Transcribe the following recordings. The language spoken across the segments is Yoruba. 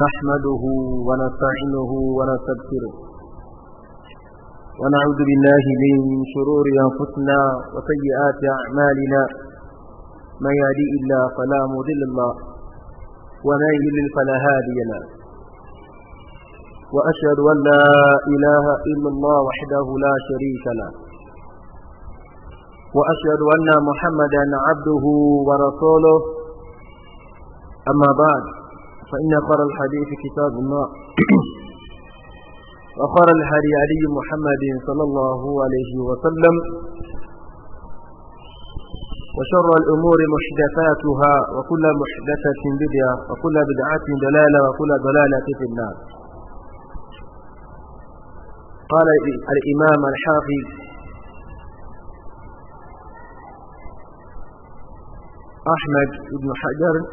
نحمده ونستعينه ونستغفره ونعوذ بالله من شرور أنفسنا وسيئات أعمالنا من يهدي إلا فلا مضل له ومن يضلل فلا هادي له وأشهد أن لا إله إلا الله وحده لا شريك له وأشهد أن محمدا عبده ورسوله أما بعد فإن قرى الحديث كتاب الله وقرى الحري علي محمد صلى الله عليه وسلم وشر الأمور محدثاتها وكل محدثة بدعة وكل بدعة دلالة وكل دلالة في النار قال الإمام الحافظ أحمد بن حجر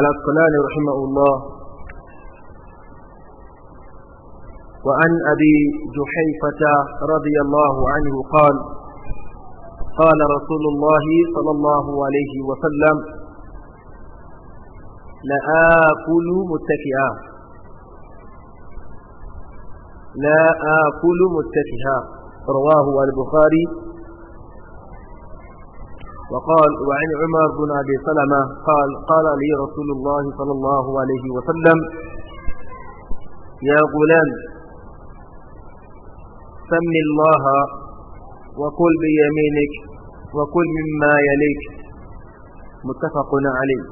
العسقلاني رحمه الله وعن أبي جحيفة رضي الله عنه قال قال رسول الله صلى الله عليه وسلم لآكل متكئا لا آكل متكئا رواه البخاري وقال وعن عمر بن أبي سلمة قال قال لي رسول الله صلى الله عليه وسلم يا غلام سم الله وكل بيمينك وكل مما يليك متفق عليه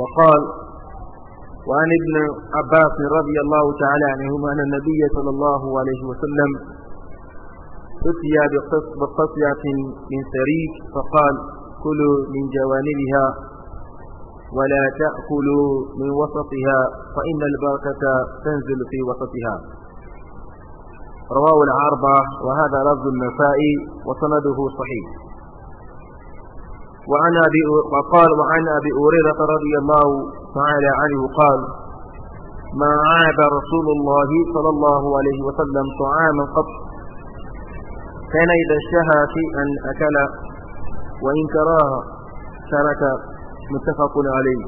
وقال وعن ابن عباس رضي الله تعالى عنهما أن النبي صلى الله عليه وسلم أتي بقطيعة من سريك فقال كلوا من جوانبها ولا تأكلوا من وسطها فإن البركة تنزل في وسطها رواه العربة وهذا لفظ النسائي وسنده صحيح وعن أبي وقال وعن أبي أريرة رضي الله تعالى عنه قال ما عاد رسول الله صلى الله عليه وسلم طعاما قط كان إذا اشتهى شيئا أكل وإن كراه ترك متفق عليه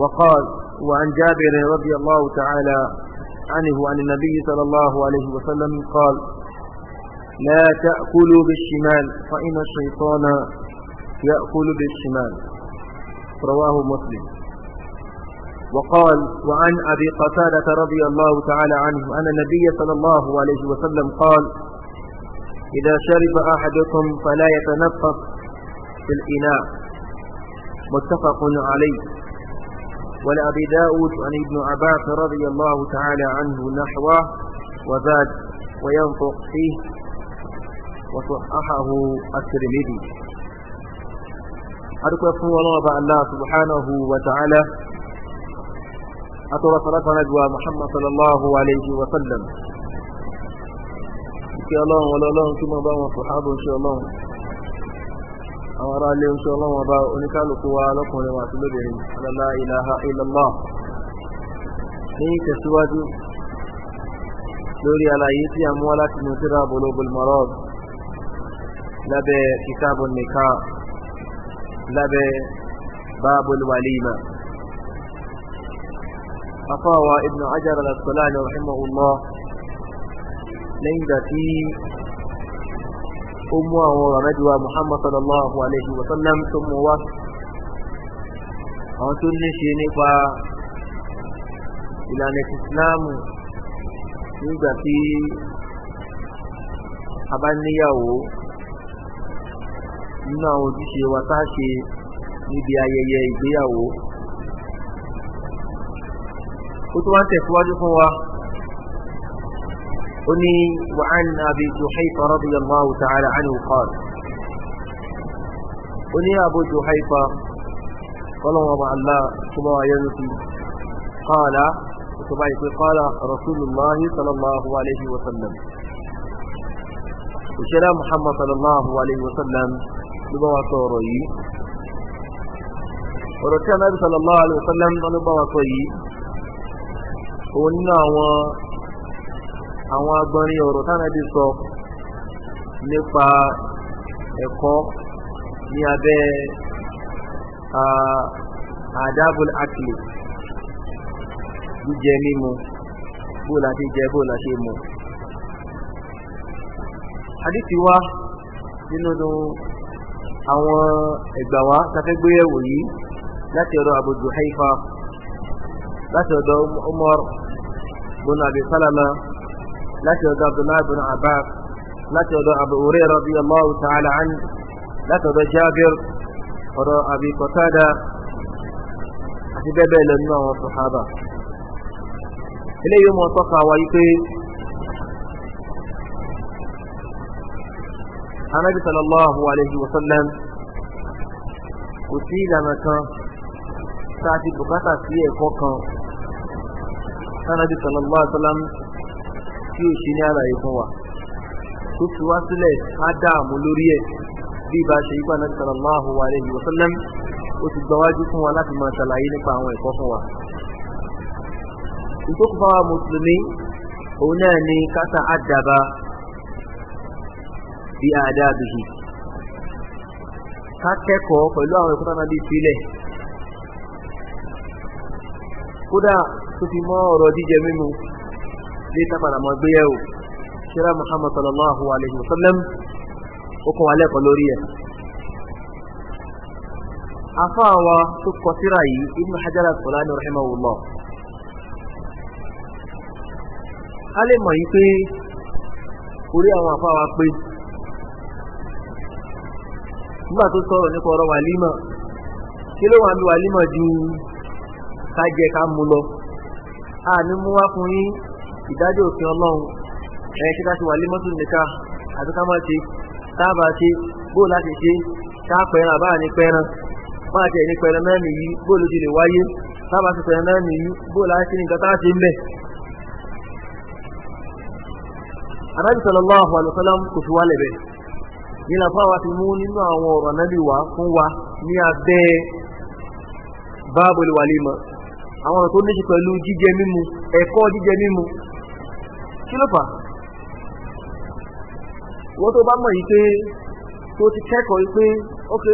وقال وعن جابر رضي الله تعالى عنه عن النبي صلى الله عليه وسلم قال لا تأكلوا بالشمال فإن الشيطان يأكل بالشمال رواه مسلم وقال وعن أبي قتادة رضي الله تعالى عنه أن النبي صلى الله عليه وسلم قال إذا شرب أحدكم فلا يتنفس في الإناء متفق عليه ولأبي داود عن ابن عباس رضي الله تعالى عنه نحوه وزاد وينطق فيه وصححه الترمذي أركو يفهم الله الله سبحانه وتعالى أترى صلاة نجوى محمد صلى الله عليه وسلم kí ọlọ́run ọlọ́run kí mọ́ bá wọn sọ̀hábù sí ọlọ́run àwọn ará ilé oṣù ọlọ́run ọba oníkálukú wa lọ́kùnrin àti lóbìnrin alálá ìlàhà ìlàlá ní ìtẹ̀síwájú lórí àlàyé tí a mú láti mú síra bulugul marad lábẹ́ kitabun nikah lábẹ́ babul walima afawa ibn ajar al-asqalani rahimahullah lẹ́yìn ìgbà tí ó mú àwọn ọ̀rẹ́dùwà muhammad sallallahu alayhi wa sallam tó mú wá àwọn tó ní ṣe nípa ìlànà ìsìláàmù nígbà tí a bá níyàwó nínú àwọn ojúṣe wa tá níbi ayẹyẹ ìgbéyàwó ó tó wá ń tẹ̀síwájú fún wa. أني وعن أبي جحيفة رضي الله تعالى عنه قال أني أبو جحيفة قال وضع الله كما وسلم قال قال رسول الله صلى الله عليه وسلم وشلا محمد صلى الله عليه وسلم لبوا صوري ورسول النبي صلى الله عليه وسلم لبوا صوري ونعوى àwọn agbọ́nrin ọ̀rọ̀ tánàbí sọ nípa ẹ̀kọ́ ní abẹ́ àdábùl akìlì jíjẹ mímu bó láti jẹ bó láti mu àdìsí wá nínú àwọn ẹ̀gbàwá tafẹ́gbéyẹ̀wò yìí láti ọ̀dọ̀ Abu Juhayfa láti ọ̀dọ̀ Umar bin Salama láti ọ̀dọ̀ abdullahi bin abbas láti ọ̀dọ̀ abu hurairah radiyallahu ta'ala an láti ọ̀dọ̀ jabir ọ̀dọ̀ abi qatada àti bẹ́ẹ̀ bẹ́ẹ̀ lọ nínú àwọn sàhábà eléyìí mọ̀ tọ́ka wa yí pé anabi sallallahu alayhi wa sallam kò sí ìlànà kan tá a ti bùkátà sí ẹ̀kọ́ kan anabi sallallahu alayhi wa sallam tí ò ṣe ní àlàyé fún wa tó fi wá sílẹ̀ á dààmú lórí ẹ̀ bí ibà ṣe yípa náà sallallahu alayhi wa sallam ó ti gbáwájú fún wa láti máa ṣàlàyé nípa àwọn ẹ̀kọ́ fún wa. ìtókù fáwa mùsùlùmí òun náà ni kásá àdàbà bí àdábìhì ká kẹ́kọ̀ọ́ pẹ̀lú àwọn ẹ̀kọ́ tánà sílẹ̀ kódà tó fi mọ́ ọ̀rọ̀ jíjẹ mímu ní tápàdà mọ́ gbé yẹ̀wò ṣíra muhammad sallallahu alayhi wa sallam ó kọ́ wa lẹ́kọ̀ọ́ lórí ẹ̀ afáwa tó kọ síra yìí ibn hajar al-Asqalani rahimahullah a lè mọ̀ yí pé orí àwọn afáwa pé nígbà tó sọ̀rọ̀ nípa ọ̀rọ̀ wàlímà kí ló wà ní wàlímà ju ká jẹ ká mú lọ a ní mú wá fún yín ìdájọ́ òfin ọlọ́run ẹ̀ kí ká ti wà límọ́tò nìka àti ká máa ṣe táàbà ṣe bóò láti ṣe ká pẹ̀rẹ̀ àbá ní pẹ̀rẹ̀ máa ṣe ní pẹ̀rẹ̀ náà nìyí bóò ló ti lè wáyé táàbà ti pẹ̀rẹ̀ náà nìyí bóò láti ṣe nǹkan táà ṣe ń bẹ̀. anábì sallallahu alaihi wasallam kò fi wálẹ̀ bẹ̀ nílà fáwa ti mú nínú àwọn ọ̀rọ̀ anábì wá fún wa ní abẹ́ báàbò ìwàlímọ̀ àwọn ọ̀rọ̀ tó ní kí ló fà á wọ́n tó bá mọ̀ yìí pé tó ti kẹ́kọ̀ọ́ yìí pé ok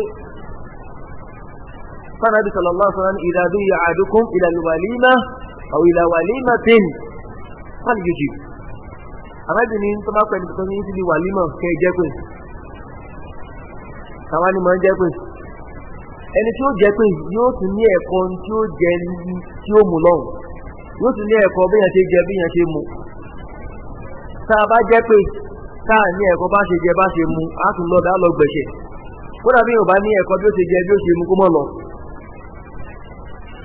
sanabi sallallahu alaihi wa sallam idadu ya adukum ila walima aw ila walimatin fal yujib arabi ni tó bá pẹ̀lú tó ní síbi walima kẹ́ jẹ́ pé tàwa ni máa ń jẹ́ pé ẹni tí ó jẹ́ yóò tún ní ẹ̀kọ́ tí ó jẹ tí ó mú lọ́hùn yóò tún ní ẹ̀kọ́ bí yẹn ṣe jẹ bí yẹn ṣe mú tá a bá jẹ́ pé táà ní ẹ̀kọ́ bá ṣe jẹ bá ṣe mu á tún lọ bá lọ gbẹ̀ṣẹ̀ kódà bí yorùbá ní ẹ̀kọ́ bí ó ṣe jẹ bí ó ṣe mu kó mọ̀ lọ.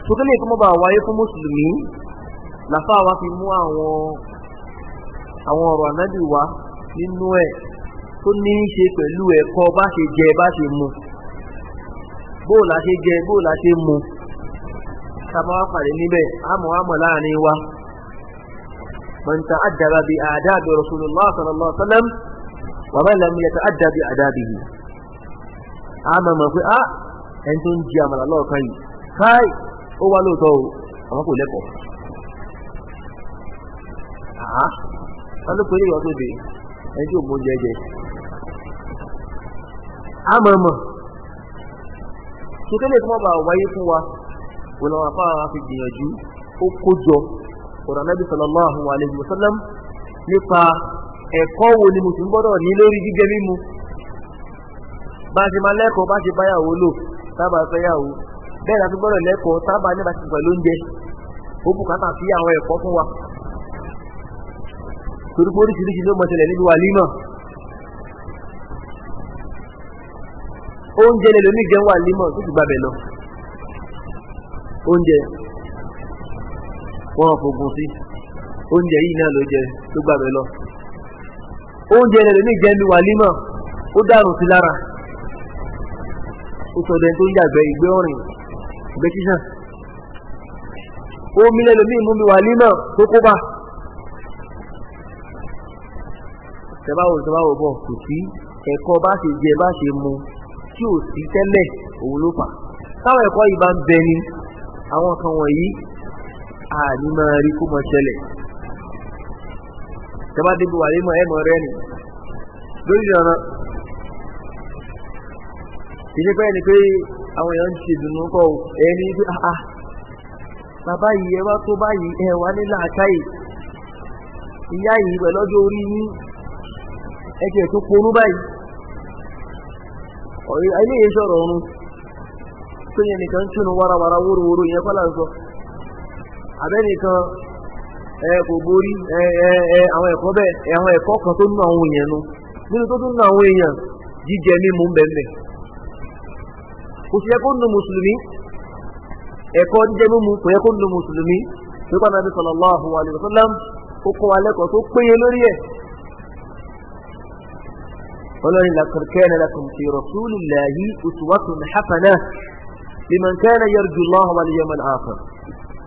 sókèlè tó mọ̀ bá wáyé fún mùsùlùmí làfáà wa fi mú àwọn àwọn ọ̀rọ̀ ànábì wa nínú ẹ̀ tó ní í ṣe pẹ̀lú ẹ̀kọ́ bá ṣe jẹ bá ṣe mu bó la ṣe jẹ bó la ṣe mu ká máa pàdé níbẹ̀ àmọ́ àmọ́ láàrin wa. من تأدب بآداب رسول الله صلى الله عليه وسلم ومن لم يتأدب بآدابه أما ما في أ أنتم جام الله كاي كاي هو لو تو أما كل لكم آه أنا كل يوم تبي أنتم مجازي أما ما sókè lè tó má bàa wáyé fún wa wọn làwọn afárá fi gbìyànjú ọ̀rọ̀ anábì sallallahu alayhi wa sallam nípa ẹ̀kọ́ wo ni mùsùlùmí gbọ́dọ̀ ní lórí jíjẹ mímu bá a ṣe máa lẹ́kọ̀ọ́ bá a ṣe báyàwó lò tábà fẹ́yàwó bẹ́ẹ̀ la fi gbọ́dọ̀ lẹ́kọ̀ọ́ tábà nípa ti pẹ̀lú oúnjẹ ó bùkátà sí àwọn ẹ̀kọ́ fún wa torí pé oríṣiríṣi ló mọ̀ tẹ̀lẹ̀ níbi wàlímà oúnjẹ lè lómi jẹun wàlímà tó ti gbàbẹ̀ wọ́n fògùn sí oúnjẹ yìí náà ló jẹ tó gbà bẹ́ lọ oúnjẹ rẹ̀ lómi jẹ́ lu wàlímọ̀ ó dàrú sí lára ó sọ̀dọ̀ ẹni tó ń yàgbẹ́ ìgbẹ́ ọ̀rìn ìgbẹ́ sísàn omi lẹ́ lómi mú mi wàlímọ̀ tó kó bá tẹ́báwò tẹ́báwò bọ̀ kò sí ẹ̀kọ́ bá ṣe jẹ bá ṣe mu tí ò sí tẹ́lẹ̀ òun ló fà táwọn ẹ̀kọ́ yìí bá ń bẹ ni àwọn kan wọ̀nyí a ní máa rí kó mọ ṣẹlẹ̀ tẹ́bá débi wà lémọ̀ ẹ̀mọ̀ rẹ ni lórí ọ̀nà ìṣe pé ẹni ya àwọn èèyàn ń ṣe ìdùnnú kọ ẹni pé àà bàbá yìí ẹ wá tó báyìí ẹ wá ní làákàyè ìyá yìí pẹ̀lú ọjọ́ orí yín ẹ̀jẹ̀ tó wara abẹ́nìkan ẹ kò borí ẹ àwọn ẹ̀kọ́ bẹ́ẹ̀ ẹ ẹ̀kọ́ kan tó nú àwọn èèyàn nu nínú tó tún nú àwọn èèyàn jíjẹ mímu ń bẹ̀ẹ̀ kò sí yẹ kó mùsùlùmí ẹ̀kọ́ jíjẹ mímu kò yẹ kó nu mùsùlùmí nípa nàbí sallallahu alaihi wasallam ó kọ́ wa lẹ́kọ̀ọ́ tó péye lórí ẹ̀ ولئن لقد كان لكم في رسول الله أسوة حسنة لمن كان يرجو الله واليوم الآخر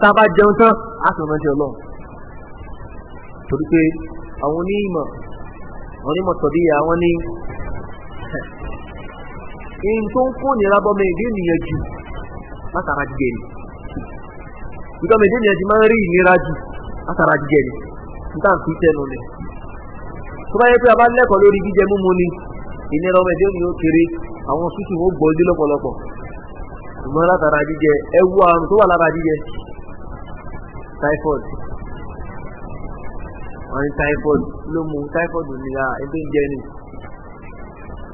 tá a bá jẹun tán á sì rántí ọlọ́run torí pé àwọn onímọ̀ àwọn onímọ̀ tọ̀bí àwọn ní ẹni tó ń kó nira bọ́mọ ìdí ènìyàn jù látara jíjẹ ni ìjọba ìdí ènìyàn ti máa ń rí ìnira jù látara jíjẹ ni nígbà tí tẹnu ni tó bá yẹ pé a bá lẹ́kọ̀ọ́ lórí jíjẹ múmu ni ìnira ọmọ ìdí ènìyàn kéré àwọn sútù ó gbọ́ ojú lọ́pọ̀lọpọ̀ ṣùgbọ́n látara jíjẹ ẹ wú àrùn tó wà lára jíjẹ typhoid wọ́n ní typhoid ló mú typhoid ní à ẹbí ń jẹ ni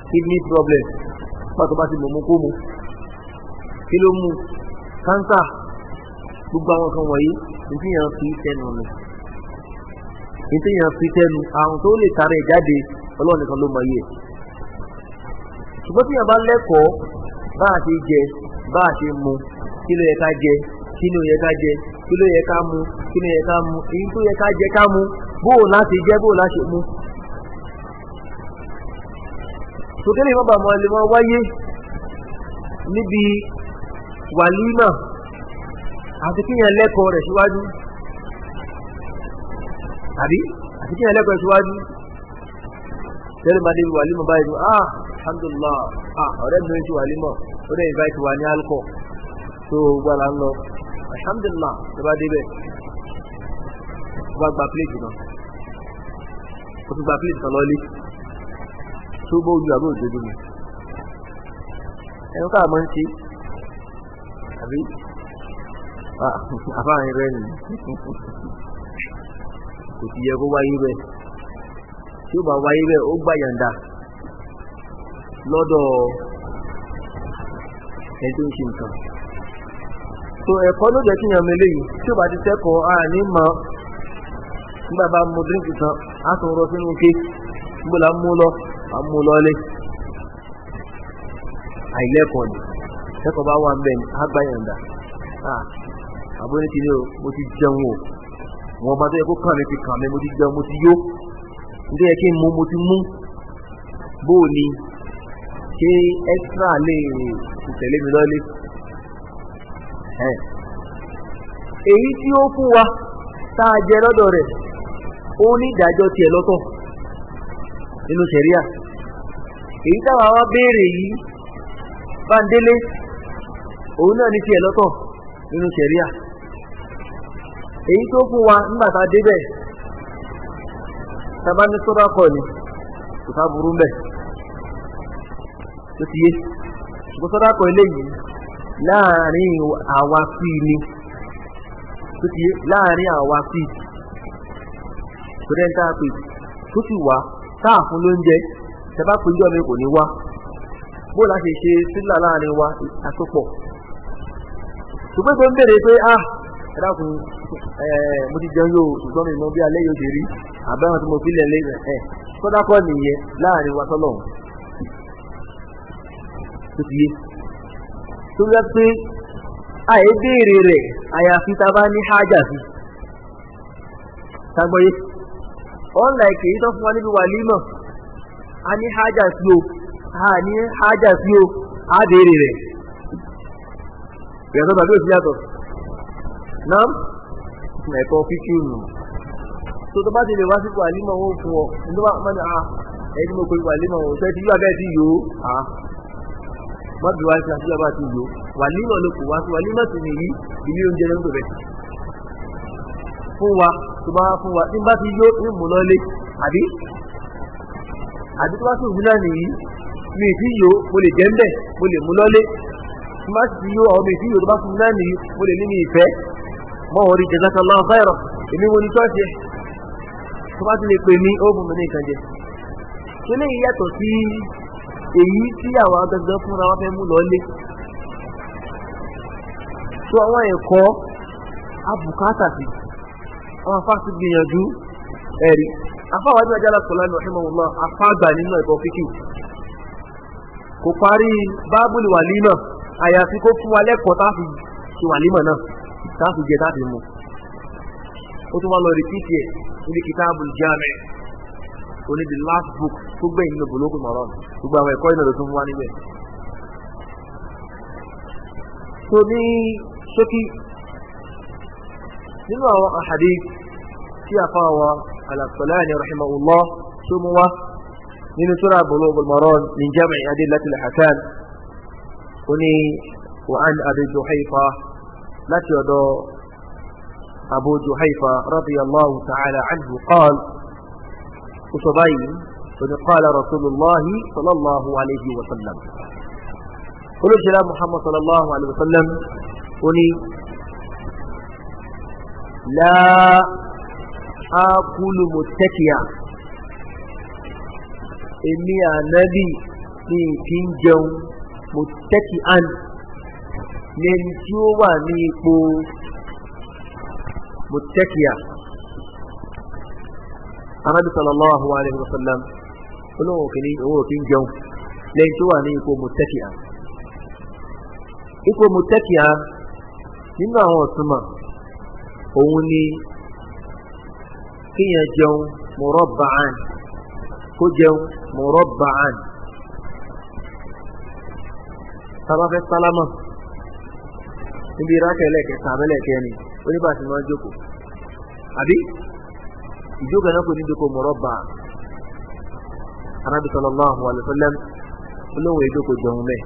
kidney problem pàtó bá ti mọ̀mú kó mu kí ló mú cancer gbogbo àwọn kan wọ̀nyí nítorí yẹn fi sẹ́nu mi nítorí yẹn fi sẹ́nu àrùn tó lè tara ẹ̀ jáde ọlọ́run nìkan ló mọ iye ṣùgbọ́n tí yẹn bá lẹ́kọ̀ọ́ bá a ṣe jẹ bá a ṣe mu kí ló yẹ ká jẹ kí ni ó yẹ ká jẹ kí ló yẹ ká mu kí ni ó yẹ ká mu èyí tó yẹ ká jẹ ká mu bóò láti jẹ bóò láti mu. sòkèlè ìmọ̀ bàmọ́ lè mọ wáyé níbi wàlímà àti kíyàn lẹ́kọ̀ọ́ rẹ̀ síwájú àbí àti kíyàn lẹ́kọ̀ọ́ síwájú tẹ́lẹ̀ máa débi wàlímà báyìí ah alhamdulillah ah ọ̀rẹ́ mi ti wàlímà ó dẹ̀ ìbáyìí ti wà ní alcohol tó gbára ń lọ alhamdulillah tó bá débẹ̀ tó bá gba pléètì kan ó ti gba pléètì kan lọ́lé tó bó ojú àbúrò dodo mi ẹnu káà máa ń ṣe àbí àfáàrin rẹ nì kò ti yẹ kó wáyé bẹ́ẹ̀ tí ó bá wáyé bẹ́ẹ̀ ó gbà yàǹda lọ́dọ̀ ẹni tó ń ṣe nǹkan so ẹ̀kọ́ ló jẹ́ kí yàn mẹ́lẹ̀ yìí tí ó bá ti kẹ́kọ̀ọ́ a ní mọ̀ nígbà bá mu dírínkì tán a tún rọ sínú ké níbo la mú lọ a mú lọ lé àìlẹ́kọ̀ọ́ ni kẹ́kọ̀ọ́ bá wà bẹ́ẹ̀ ni a gbá yàǹda àbóyé ti ní o mo ti jẹun o wọn bá tó yẹ kó kàn mí ti kàn mí mo ti jẹun mo ti yó nítorí yẹ kí n mú mo ti mú bóò ni ṣé extra lè tẹ̀lé mi lọ́lé. èyí tí ó fún wa tá a jẹ lọ́dọ̀ rẹ̀ ó ní ìdájọ́ tiẹ̀ lọ́tọ̀ nínú sẹ̀ríà èyí táwa wá béèrè yìí báńdélé òun náà ní tiẹ̀ lọ́tọ̀ nínú sẹ̀ríà èyí tó fún wa nígbà tá a débẹ̀ ni kò sá láàrin àwa sí ni tó ti láàrin àwa sí tó dẹ́n tá a pè tó ti wá táà fún lóúnjẹ tẹ́bá péjọ́ mi kò ní wá bó la ṣe wa àtòpọ̀ ṣùgbọ́n tó ń bèrè pé ah ẹ dákun mo ti jẹun yóò ṣùgbọ́n mi mọ bí alẹ́ yóò ṣe rí àbẹ́wọ̀n tí mo fi nìyẹn láàrin wa tọ́lọ́hún tó ti tó yẹ pé àyè béèrè rẹ̀ àyàfi tá a bá ní hájà sí tagbọ́yé unlike èyí haja o a ní o a béèrè rẹ̀ ìyàtọ̀ tàbí òsì nam ẹ̀kọ́ fífi nù tó tó ti lè wá sí wàlímọ̀ wọn fún ọ a ẹni ah, mo pe wàlímọ̀ o fẹ́ ti mọ́bí wá sí àti bàbá àti ìlú wà nímọ̀ ló kù wá sí wà nímọ̀ sí nìyí ilé oúnjẹ ló ń bẹ̀rẹ̀ fún wa tó bá fún wa tí n bá ti yó ń mú lọ lé àbí àbí tó bá sì wúlà nìyí mi ti yó mo lè jẹ́ ń bẹ̀ mo lè mú lọ lé tí n bá sì ti yó àwọn mi ti yó tó bá sì wúlà nìyí mo lè ní mi ìfẹ́ mọ́ orí jazakallahu khairan èmi wo ni tó ṣe tó bá ti lè pè mí ó bùn mi ní ìkànjẹ́ èyí tí àwọn agangan fúnra wọn fẹ́ mú lọlé tó àwọn ẹ̀kọ́ abùkátà sí àwọn afá ti gbìyànjú ẹ̀rí afá wa ní ọjà lásán lánàá rahimahullah afá àgbà nínú ẹ̀kọ́ fíkì kò parí bábùlì wàlímà àyàfi kó fún wa lẹ́kọ̀ọ́ tá ṣe wàlímà náà tá jẹ tá mu ó tún wá lọ rìpítì ẹ̀ níbi kìtàbù jámẹ́ òní the last book tó gbẹ̀yìn nínú bòlógùn mọ̀rán gbogbo àwọn ẹ̀kọ́ ìnáwó tó ń wá níbẹ̀. so ní ṣókí nínú àwọn àhàdí tí a fa àwọn alàkùnláàni rahimahullah tó mú wá nínú sura bòlógùn mọ̀rán ní jami'i adillati al-hakan òní وعن أبي جحيفة لا تيودو أبو جحيفة رضي الله تعالى عنه قال وتبين قال رسول الله صلى الله عليه وسلم قلوا جلال محمد صلى الله عليه وسلم قلي لا أقول متكيا إني نبي في kí متكئا jẹun mo tẹ́kì án متكيا. anabi sallallahu alayhi wa sallam olóhùn kìíní owó kìí jẹun lẹ́yìn tó wà ní ipò mùtẹ́kìá ipò mùtẹ́kìá nínú àwọn ọ̀túnmọ̀ òun ni kíyàn jẹun mùrọ́bàán kó jẹun mùrọ́bàán sábàfẹ́ sálámà níbi ìrákẹ́ lẹ́kẹ̀ẹ́ sàmẹ́lẹ̀kẹ́ ni oníbàtí máa jókòó àbí. ìjókòó na kò ní dikò mọ̀rọ́bà sallallahu alaihi wasallam olóhùn ìjókòó jọun mẹ́.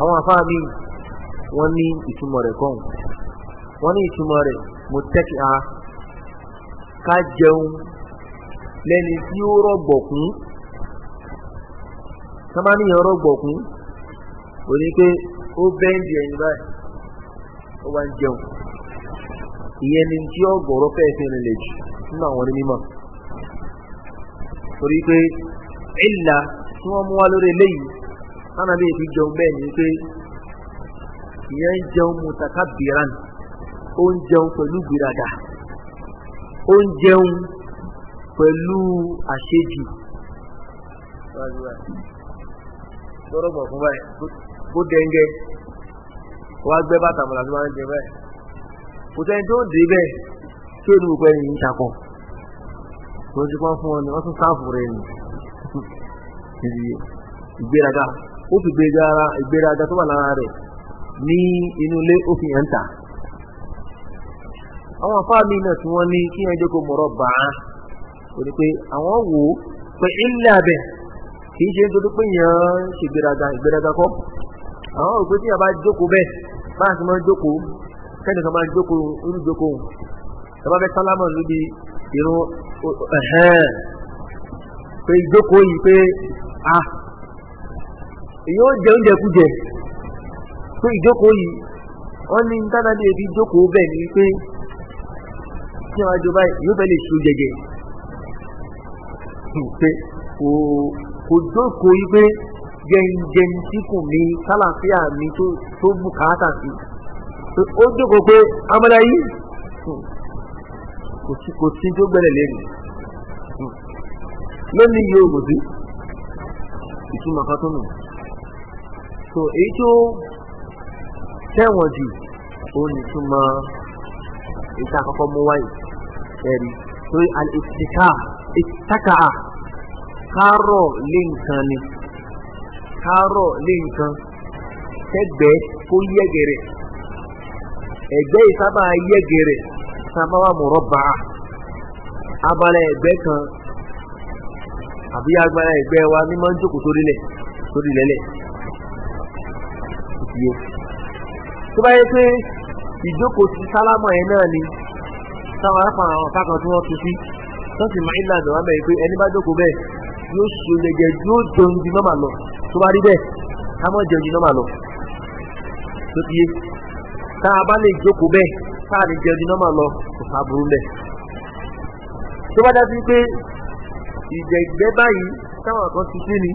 àwọn afáà mi wọ́n ni ìtumọ̀ rẹ̀ kàn wọ́n ní ìtumọ̀ rẹ̀ mo tẹ́kì á ká tí ó rọ̀gbọ̀kún sábàníyàn o ìyẹn ni tí ó gbọ̀rọ̀ fẹ́ẹ́ fi rìn lè jù nínú àwọn onímọ̀ torí pé ìlà tí wọ́n mú wá lórí eléyìí lánàá bí èdè jẹun bẹ́ẹ̀ ni pé ìyẹn ń jẹun mutakabiran ó ń jẹun pẹ̀lú gbìràdà ó ń jẹun pẹ̀lú àṣejù lọ́rọ̀ bọ̀ fún báyìí bó dẹ́ngẹ́ wọ́n á gbẹ́ bàtà mọ̀lá ló máa ń jẹ báyìí kò sẹ́ni tó ń dé bẹ́ẹ̀ tí èmi òpẹ́ yìí ń takọ̀ tó ń ti pọ́n fún ọ ni wọ́n tún sáàfù rẹ̀ nù ìgbéraga ó fi gbéraga ìgbéraga tó wà lára rẹ̀ ní inú ilé ó fi hàn ta àwọn afáàmì náà tí wọ́n ní kí ẹjọ́ kò mọ̀rọ̀ bá a kò ní pé àwọn wò ó pé ilé abẹ kì í ṣe nítorí pé yàn án ṣègbéraga ìgbéraga kọ́ àwọn òpin tí yàrá bá jókòó bẹ́ẹ̀ bá a ti máa jókòó kẹ́ni kan máa ń jókòó ń jókòó ẹ bá fẹ́ sálámà níbi irun pé ìjókòó yìí pé a èyí ó jẹ oúnjẹ kújẹ pé ìjókòó yìí wọ́n ní dáadáa ebi jókòó bẹ́ẹ̀ ni pé tí wọ́n á jọba yóò fẹ́ lè so jẹjẹ pé kò jókòó yìí pé jẹun jẹun tí kò mí kálàfíà mi tó bùkátà sí i pé ó jókòó pé amọ́dá yìí kò sí tó gbẹ́lẹ̀ lẹ́nu lónìí yóò kò sí ìtumọ̀ kan tó nù. so èyí tó tẹ̀wọ̀n jù òun ìtumọ̀ ìta àkọ́kọ́ mú wáyé ẹ̀rí torí àìsíká ìtàkà kárọ̀ lé nǹkan ni kárọ̀ lé nǹkan tẹ́gbẹ́ kó yẹ́gẹ̀rẹ̀. egbe yìí ihe yẹgẹrẹ sábà wà mọ̀rọ́bà abala egbe kan àbí agbára egbe wa ní máa ń jókòó sórí lẹ̀ sórí lẹ́lẹ̀ tó bá yẹ pé ìjókòó ti sálámà yẹn náà ni táwọn arákùnrin àwọn kan tí wọ́n tu sí tó máa ń là dọ̀ wábẹ̀ pé ẹni bá jókòó bẹ́ẹ̀ yóò ṣe lè yóò jẹun di nọ́mà lọ tó bá rí tá a bá lè jókòó bẹ́ẹ̀ tá a lè jẹ ọdún nọ́mà lọ kò sá burú bẹ́ẹ̀. tó bá dájú pé báyìí táwọn kan ti sí ni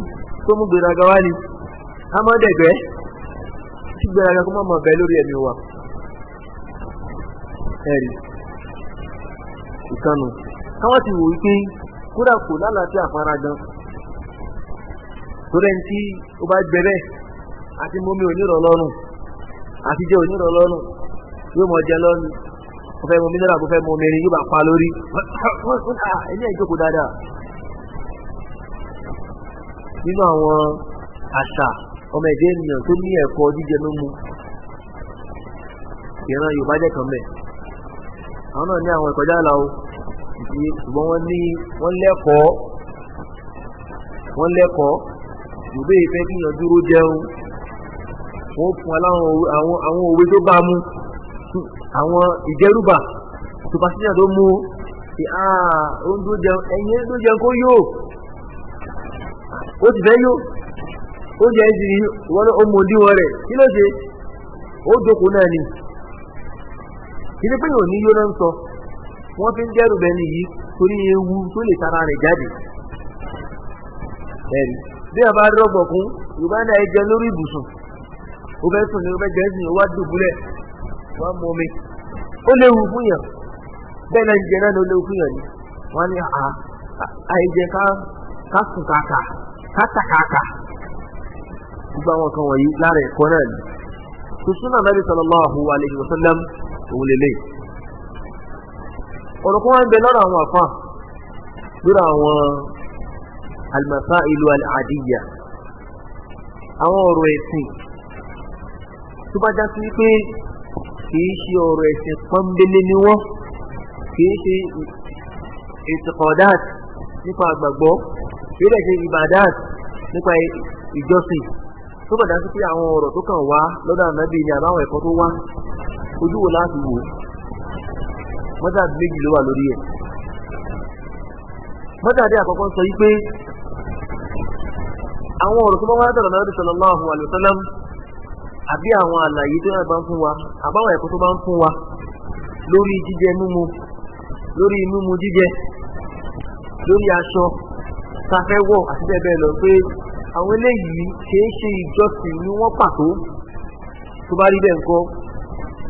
gbèrágà wa. ìkànnù káwọn ti wò wípé kódà kò lálàáfíà gan torí ẹni tí ó bá gbẹ àti ò ní àti jẹ́ onírọ̀ lọ́rùn yóò mọ̀ jẹ lọ́nu mo fẹ́ mu mineral mo fẹ́ mu omi rin yóò bá pa lórí ilé ìjókòó dáadáa nínú àwọn àṣà ọmọ ẹ̀dẹ́ ènìyàn tó ní ẹ̀kọ́ jíjẹ mímu ìran Yorùbá jẹ́ kan mẹ́ àwọn náà ní àwọn ẹ̀kọ́ jáàlá o ìdí ṣùgbọ́n wọ́n ní wọ́n lẹ́kọ̀ọ́ wọ́n lẹ́kọ̀ọ́ Yorùbá yìí fẹ́ kíyàn dúró jẹun wọ́n fún wa láwọn àwọn òwe tó bá mú àwọn ìdẹ́rùbà tòpasíyà tó mú ẹ̀yìn tó jẹun kó yóò ó ti fẹ́ yóò ó jẹ́ ìsìn wọ́n ọmọ òdiwọ̀n rẹ̀ kí ló ṣe ó jókòó náà ni kí ló pé yóò ní yóò náà ń sọ wọ́n fi ń dẹ́rù bẹ́ẹ̀ nìyí torí ewu tó lè tara rẹ̀ jáde ẹ̀rí bí a bá rọ́gbọ̀kún yorùbá náà jẹ lórí ibùsùn o fẹ́ sùn ní o fẹ́ jẹ́ sùn o wá dùbúlẹ̀ wá mọ mi ó léwu fún yàn bẹ́ẹ̀ náà jẹ náà ló léwu fún yàn ni wọ́n ní à ah, àìjẹ ká ká sùn kàkà ká tàkàkà gbogbo àwọn kan wọ̀nyí lára ẹ̀kọ́ náà ni tuntun náà Nabi sallallahu alayhi wa sallam òun lè lè ọ̀rọ̀ kan bẹ lọ́rọ̀ àwọn àfa lórí àwọn al-masailu al àwọn ọ̀rọ̀ ẹ̀sìn tó bá já sí wípé kìí ṣe ọ̀rọ̀ ẹ̀sìn pọ́nbélé ni wọ́n kìí ṣe ìtìkọ̀dáàt nípa àgbàgbọ́ kìí lè ṣe ìbàdáàt nípa ìjọsìn tó bá já sí pé àwọn ọ̀rọ̀ tó kàn wá lọ́dọ̀ ànábì ni àbáwọn ẹ̀kọ́ tó wá ojú wo láti wò mọ́tà méjì ló wà lórí ẹ̀ mọ́tà dé àkọ́kọ́ sọ wípé àwọn ọ̀rọ̀ tó bá wá dọ̀rọ̀ náà àbí àwọn àlàyé tó yàgbá ń fún wa àbáwọn ẹ̀kọ́ tó bá ń fún wa lórí jíjẹ mímu lórí mímu jíjẹ lórí aṣọ tafẹ́ wọ̀ àti bẹ́ẹ̀ bẹ́ẹ̀ lọ pé àwọn eléyìí kìí ṣe ìjọsìn ni wọ́n pàtó tó bá rí bẹ́ẹ̀ nǹkan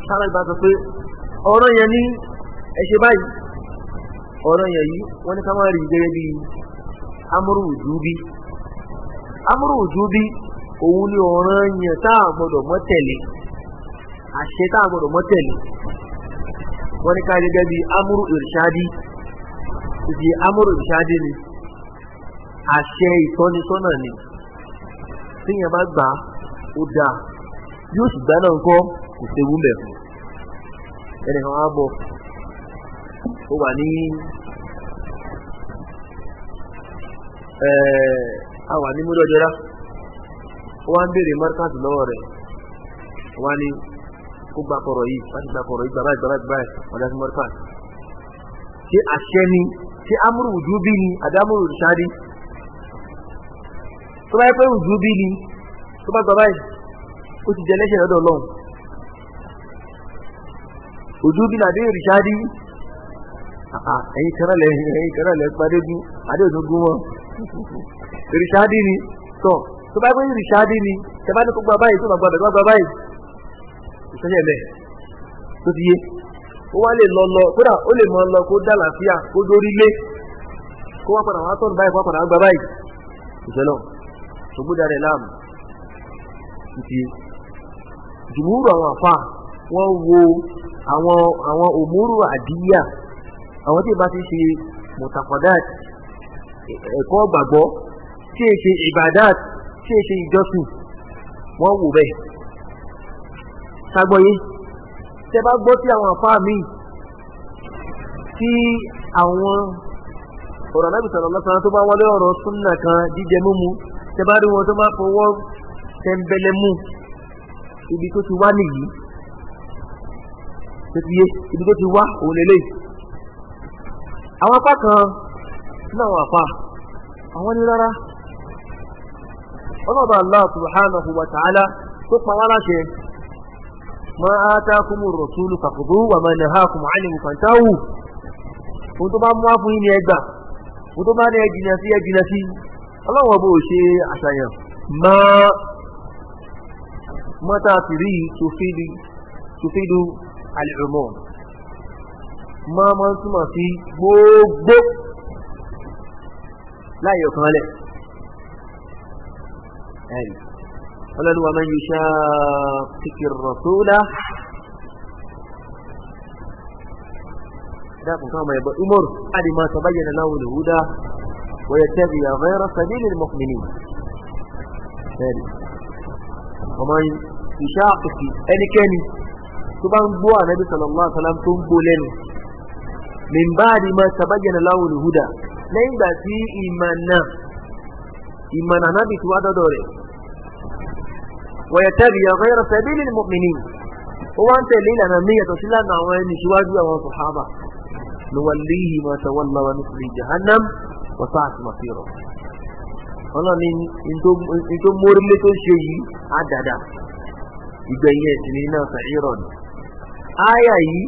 sára ìbá pé ọ̀rọ̀ yẹn ní ẹ ṣe báyìí ọ̀rọ̀ yẹn yìí wọ́n ní ká máa rí gẹ́gẹ́ bí amúrú òjú bí amúrú òjú bí òun ni ọ̀ràn yẹn tá a gbọ́dọ̀ mọ́ tẹ̀lé àṣẹ tá a gbọ́dọ̀ mọ́ tẹ̀lé wọ́n ní ká gẹ́gẹ́ bí amúrú ìrìṣáàdì ìdí amúrú ìrìṣáàdì ni àṣẹ ìtọ́nisọ́nà ni tíyẹn bá gbà ó dáa yóò sì gbá náà ńkọ́ kò séwu mbẹ̀ ẹnì kan á bọ̀ ó wà ní ẹ̀ẹ́ a wà ní múdọ̀jọ́ra wọ́n á ń béèrè mọ́ríkàtì lọ́wọ́ rẹ̀ wọ́n á ní kó gba kọ̀rọ̀ yìí láti gba kọ̀rọ̀ yìí gbàrà gbàrà ọ̀dà sí mọ́ríkàtì. ṣé àṣẹ ni ṣé amúrù ùdúbí ni àdámúrù ṣáàdì tó bá yẹ pé ùdúbí ni tó bá gbàrà yìí ó ti jẹ lẹ́sẹ̀ lọ́dọ̀ ọlọ́run ùdúbí ni àdéhùn ṣáàdì ẹ̀yin kẹrẹ́lẹ̀ ẹ̀yin kẹrẹ́lẹ̀ pàdé gún àdéhùn tó ni tọ́ tó bá gbé ìrìṣàdé ni tẹ bá ní kó gba báyìí tó bá gba bẹ̀ gba báyìí ìtọ́jú ẹ̀mẹ́ tó ti yé ó wá lè lọ lọ kódà ó lè mọ lọ kó dàlàfíà kó dórí lé kó wá padà wá tọ́nu báyìí kó wá padà wá gba báyìí ìṣẹ́ náà ṣùgbọ́n dáre láàmù ti jùmúrù àwọn àfa wọ́n wo àwọn àwọn òmúrù àdíyà àwọn tí ìbá ti ṣe mutafadat ẹ̀kọ́ gbàgbọ́ tí èṣe tí è ṣe ìjọsìn wọ́n wò bẹ́ẹ̀ sagbọ́yé tẹ bá gbọ́ sí àwọn àfáà míì tí àwọn ọ̀rọ̀ anábì sọ̀rọ̀ lọ́sàn-án tó bá wọlé ọ̀rọ̀ súnnà kan jíjẹ múmu tẹ bá rí wọn tó bá fọwọ́ tẹ̀m̀bẹ̀lẹ̀ mú ibi tó ti wá nìyí tẹ̀tìyé ibi tó ti wá òun lélẹ́yìí àwọn apá kan nínú àwọn àpá àwọn ní rárá ọlọ́ba allah subhanahu wa ta'ala tó pa wá láṣẹ ma a ta kúmù rọ̀túlù kàkùdú wà máa nà ha kùmù ánìmù kàntáwù ohun tó bá mú wá fún yín ẹgbà ohun tó bá ní ẹjìnà sí ẹjìnà sí ọlọ́wọ́ bó ṣe àṣàyàn ma mọ́ta sì rí tòfídù àlìrùmọ́ ma máa túmọ̀ sí gbogbo láyọ̀ kan lẹ̀ ẹ̀rì ọlọ́lùwà máa ń yí ṣá kíkìrì rọ̀túlá dákùn káwọn ẹ̀bọ̀ umaru adìmọ̀ sọ̀báyẹ̀ náà láwùlù húdá ويتبع غير سبيل المؤمنين ẹ̀rì ọmọ ìṣẹ́ àpòkì ẹnikẹ́ni tó bá ń gbọ́ ànábì sallallahu alaihi wasallam tó ń gbọ́ lẹ́nu min ba'di ma tabayyana lahu huda lẹ́yìn ìgbà tí ìmọ̀ náà ìmọ̀nà nábì tí wá dọ́dọ̀ rẹ̀ wọ̀yẹ̀tẹ́bì ghayra sabilil mu'minin ó wá ń tẹ̀lé ìlànà mí yàtọ̀ sí lánàá àwọn ẹni síwájú àwọn sàhábà nuwallihi ma tawalla wa nusli jahannam wa sa'at masira ọlọ́ni nítorí mórílé tó ṣe yìí á dada ìgbẹ̀yìn ẹ̀sìn ní náà sàírọ̀ ni áyà yìí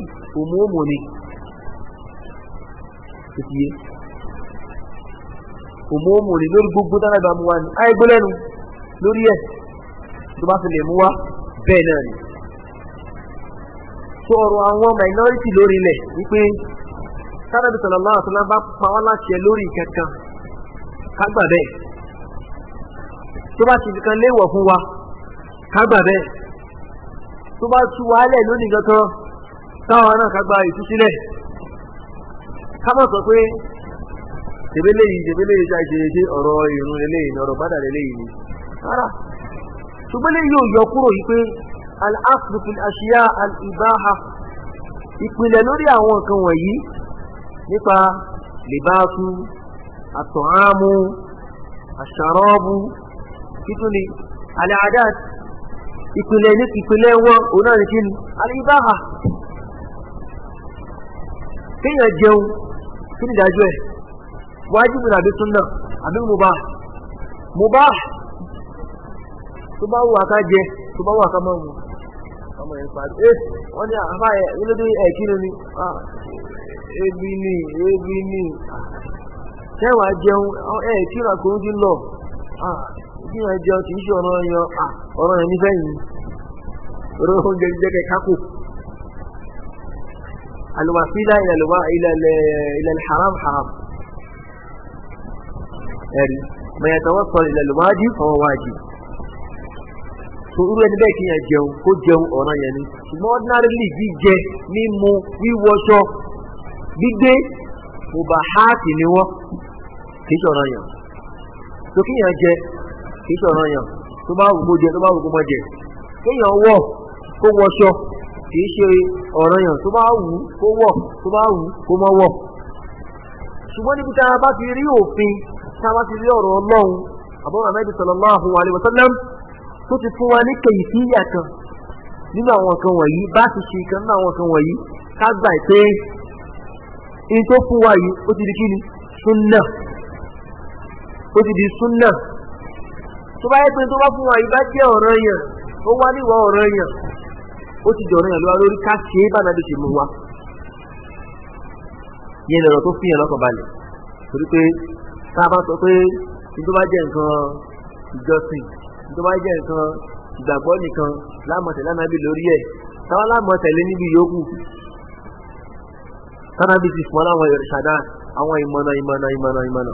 òmùmù ni lórí gbogbo dáná ìbámu wa ni ayé gbólẹ́nu lórí ẹ̀ tó bá fi lè mú wa bẹ́ẹ̀ náà ni. tó ọ̀rọ̀ àwọn minority lórí ilẹ̀ wípé sábàbí sọ̀rọ̀ àtúnlá bá pa wá láṣẹ lórí kankan ká gbà bẹ́ẹ̀ tó bá ti léwọ̀ fún wa ká gbà bẹ́ẹ̀ tó bá sọ pé ṣebélé yìí ṣebélé yìí ṣáṣe ṣe ọ̀rọ̀ ìrún eléyìí ni ọ̀rọ̀ bádà eléyìí ni rárá ṣùgbọ́n lè yóò yọ kúrò yìí pé al-aslu fil ashiya al-ibaha ìpìlẹ̀ lórí àwọn nǹkan wọ̀nyí nípa libasu at'amu ash-sharabu títún ni al-adat ìpìlẹ̀ ní ìpìlẹ̀ wọn òun ní kí ni al-ibaha kéèyàn jẹun kí ni ìdájọ́ ẹ̀ Wajib wájibù àbí súnà àbí mùbá mùbá tó bá wù àká jẹ tó bá wù àká máa mú ọmọ yẹn parí ẹ eh, wọn ní àbá ẹ olódó ẹ kí ló ní ah, ebi ní ebi ní tẹwàá jẹun ẹ oh, eh, kí ló àkórí ti lọ ah, kí ló jẹun kì í ṣe ọ̀rọ̀ yẹn ah, ọ̀rọ̀ yẹn nífẹ̀ẹ́ yìí ọ̀rọ̀ oúnjẹ jíjẹ kẹ kákò alùwàsílà ilẹ̀ alùwà ilẹ̀ ilẹ̀ haram haram ẹ̀rí ma yatawassal ila al-wajib fa huwa wajib so irú ẹni bẹ́ẹ̀ kí yẹn jẹun kó jẹun ọ̀ràn yẹn ni ṣùgbọ́n ordinarily jíjẹ mímu wíwọṣọ gbígbé mubahati ni wọ́n kì í ṣọ̀ràn yẹn so kí yẹn jẹ kì í ṣọ̀ràn yẹn tó bá wù kó jẹ tó bá wù kó má jẹ kéèyàn wọ̀ kó wọṣọ kì í ṣe ọ̀ràn yẹn tó bá wù kó wọ̀ tó bá wù kó má wọ̀ ṣùgbọ́n níbi tá a bá ti rí òfin táwa ti rí ọ̀rọ̀ ọlọ́run àbọ̀rọ̀ àmẹ́bí sallallahu alaihi wasallam tó ti fún wa ní kèyìfíyà kan nínú àwọn kan wọ̀nyí bá ti ṣe kan nínú àwọn kan wọ̀nyí ká gbà pé in tó fún wa yìí ó ti di kíni súnà ó ti di súnà tó bá yẹ pé tó bá fún wa yìí bá jẹ́ ọ̀ràn yẹn ó wá níwà ọ̀ràn yẹn ó ti dọ̀ràn yẹn lọ́wọ́ lórí ká ṣe é bàdàbí yẹn lọ́rọ̀ tó fi yẹn lọ́kàn balẹ̀ torí pé tá a bá sọ pé tó bá jẹ́ nǹkan ìjọsìn tó bá jẹ́ nǹkan ìgbàgbọ́ nìkan lámọ̀tẹ̀lé ànábì lórí ẹ̀ táwa lámọ̀tẹ̀lé níbi yòókù tánábì ti fún aláwọn ìrìṣàdá àwọn ìmọ̀nà ìmọ̀nà ìmọ̀nà ìmọ̀nà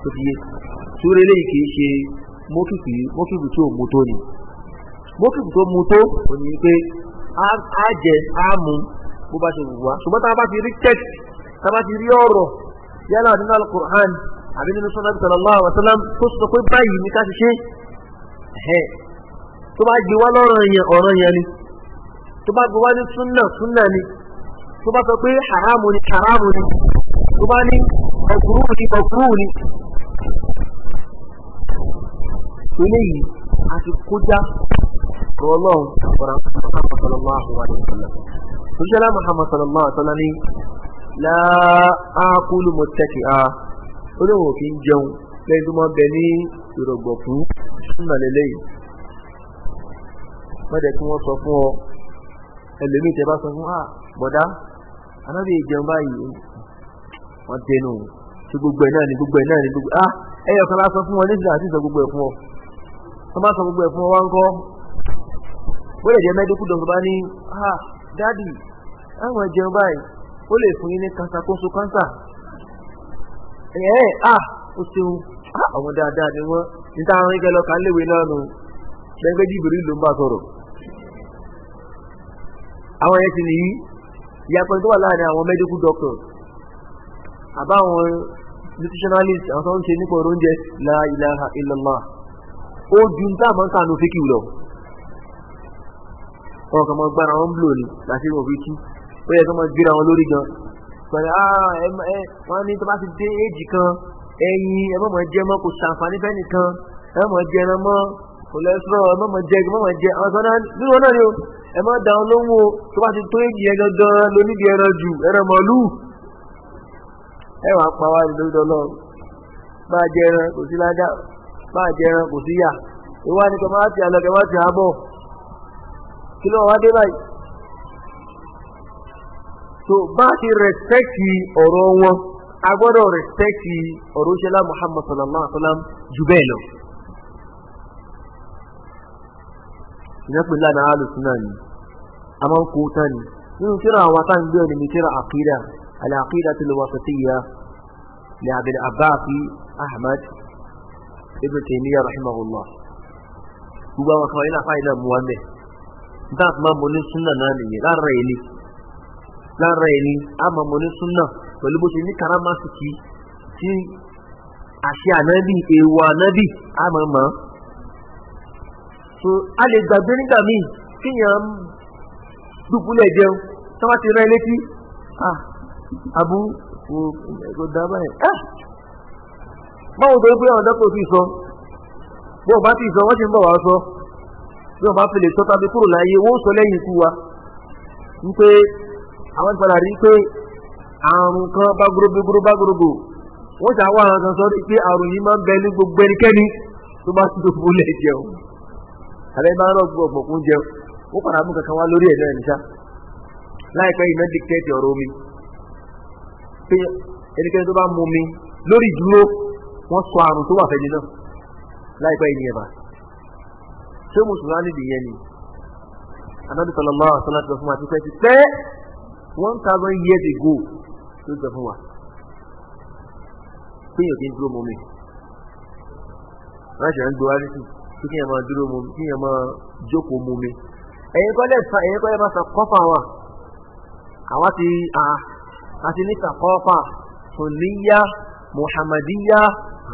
tó fi yé sórí eléyìí kì í ṣe mókìkì mókìkì tí mú tó ni mókìkì tó mú tó kò ní pé á jẹ á mú bó bá ṣe wù wá ṣùgbọ́n tá bá ti rí tẹ́tì tá bá ti rí ọ̀rọ̀ yálà nínú alukur'an àbí nínú sunnah sallallahu alaihi wa sallam tó sọ pé báyìí ní ká ti ṣe ẹ̀ tó bá gbé wá lọ́rọ̀ yẹn ọ̀rọ̀ yẹn ni tó bá gbé wá ní sunnah sunnah ni tó bá sọ pé haramu ni haramu ni tó bá ní ọkùnrù ni ọkùnrù ni. eléyìí a ti kójá ọlọ́run ọ̀rọ̀ Muhammad sallallahu alaihi wa sallam. Sọ́jọ́lá Muhammad sallallahu alaihi wa sallam ni láàkúlù mọ̀tẹ́kì a olóhùn òfin jẹun lẹ́yìn tó máa bẹ ní ìrọ̀gbọ̀ fún ìmọ̀lẹ́lẹ́ yìí wọ́n dẹ̀ kí wọ́n sọ fún ọ ẹlòmíì tẹ bá sọ fún à ah, bọ̀dá anábì ìjẹun báyìí wọ́n tẹnu tí gbogbo ẹ̀ náà ni gbogbo ẹ̀ náà ni gbogbo ah ẹyọ kan lásán fún wọn nígbà àti ìsọ gbogbo ẹ̀ fún ọ wọ́n bá sọ gbogbo ẹ̀ fún ọ wá ń kọ́ ó lè jẹ́ mẹ́díkù dọ̀gbọ́n bá ní ah dádì àwọn ìjẹun báyìí ó lè fún yín ní kansakoso kansa ẹ̀ẹ́ a ó ṣeun ah! dáadáa ni wọn níta àwọn ìkẹlẹ ọkà léwe náà nù gbẹgbẹ jìbìrì ló ń bá sọ̀rọ̀ àwọn yẹn ti nìyí ìyàpọ̀ tó wà láàrin àwọn medical doctor àbáwọn nutritionalist àwọn tó ń ṣe nípa oúnjẹ la ilaha illallah ó ju ní lọ ọkàn mọ gbára wọn ní láti ó yẹ kí wọ́n máa gbéra wọn lórí gan pẹ̀lú ah, wọ́n ní tó bá ti dé èjì kan ẹyin ẹ má máa jẹ mọ́ kò ṣàǹfààní fẹ́ nìkan ẹ má máa jẹ ẹran mọ́ cholesterol ẹ má máa jẹ ẹ má máa jẹ àwọn sọ́nà nínú wọn náà ni o ẹ má da wọn lóhùn o tó bá ti tó èjì yẹn gangan lóníbi ẹran jù ẹran mọ̀lú ẹ wàá pa wá lórí ọlọ́run máa jẹ ẹran kò sí ládàá máa jẹ ẹran kò sí yà ìwà ni kò má ti àlọ́ kò má ti àbọ̀ kí ló wá dé so bá ti rẹ̀spẹ́kì ọ̀rọ̀ wọn a gbọ́dọ̀ rẹ̀spẹ́kì ọ̀rọ̀ ṣẹlá muhammad sallallahu alaihi wa sallam jù bẹ́ẹ̀ lọ. ìyẹ́pẹ̀ lánà alùsùnà ni a máa ń kó tán ni nínú kíra àwọn atáǹgbé ọ̀nà mi kíra àkídà àlàkídà tó lè wà sọ́tìyà ní abdul abbas ahmad ibn taymiyyah rahimahullah gbogbo àwọn kan wáyé náà fáyé náà muhammed dáàbò máa mọ ní súnà náà nìyẹn lára rẹ̀ ni suna naa niyen lara re lára ẹni àmọ̀mọ́ ní súnà pẹ̀lú bó ṣe ní karamasiki tí àṣẹ ànábì èèwọ̀ ànábì àmọ̀mọ́ so a lè gbàgbé nígbà míì kíyàn ń dùbúlẹ̀ jẹun tí wọ́n ti rẹ́ létí àbú ẹ̀kọ́ dábàá ẹ̀ ẹ́ báwo tó gbé àwọn dákò sí sọ bí wọ́n bá ti sọ wọ́n ti ń bọ̀ wá sọ bí wọ́n bá fi lè sọ tàbí kúrò láyé wọ́n sọ lẹ́yìn ikú wa ń pé àwọn ti padà rí pé àrùn kan bá gbogbogbò bá gbogbogbò wọ́n ti àwọn àwọn kan sọ pé àrùn yìí máa ń bẹ ní gbogbo ẹnikẹ́ni tó bá ti dòfò lè jẹun àbẹ́ máa ń rọ̀ gbogbo ọ̀gbọ̀n jẹun ó padà mú kankan wá lórí ẹ̀ náà nìṣá láìpẹ́ iná dìkẹ́tì ọ̀rọ̀ omi pé ẹnikẹ́ni tó bá mu omi lórí ìdúró wọ́n sọ àrùn tó wà fẹ́ni náà láìpẹ́ ìyẹn bá ṣé mùsùlùmí one thousand years ago ló sọ fún wa pé yóò kí n dúró mọ́ mi láti ẹ̀rọ gbowá létí kí kí yẹn máa dúró mọ́ mi kí yẹn máa jókòó mọ́ mi ẹ̀yin kọ́lẹ̀ fa ẹ̀yin kọ́lẹ̀ máa san kọ́fà wa àwa ti a ti ní sàkọ́fà sùnìyà muhammadiyya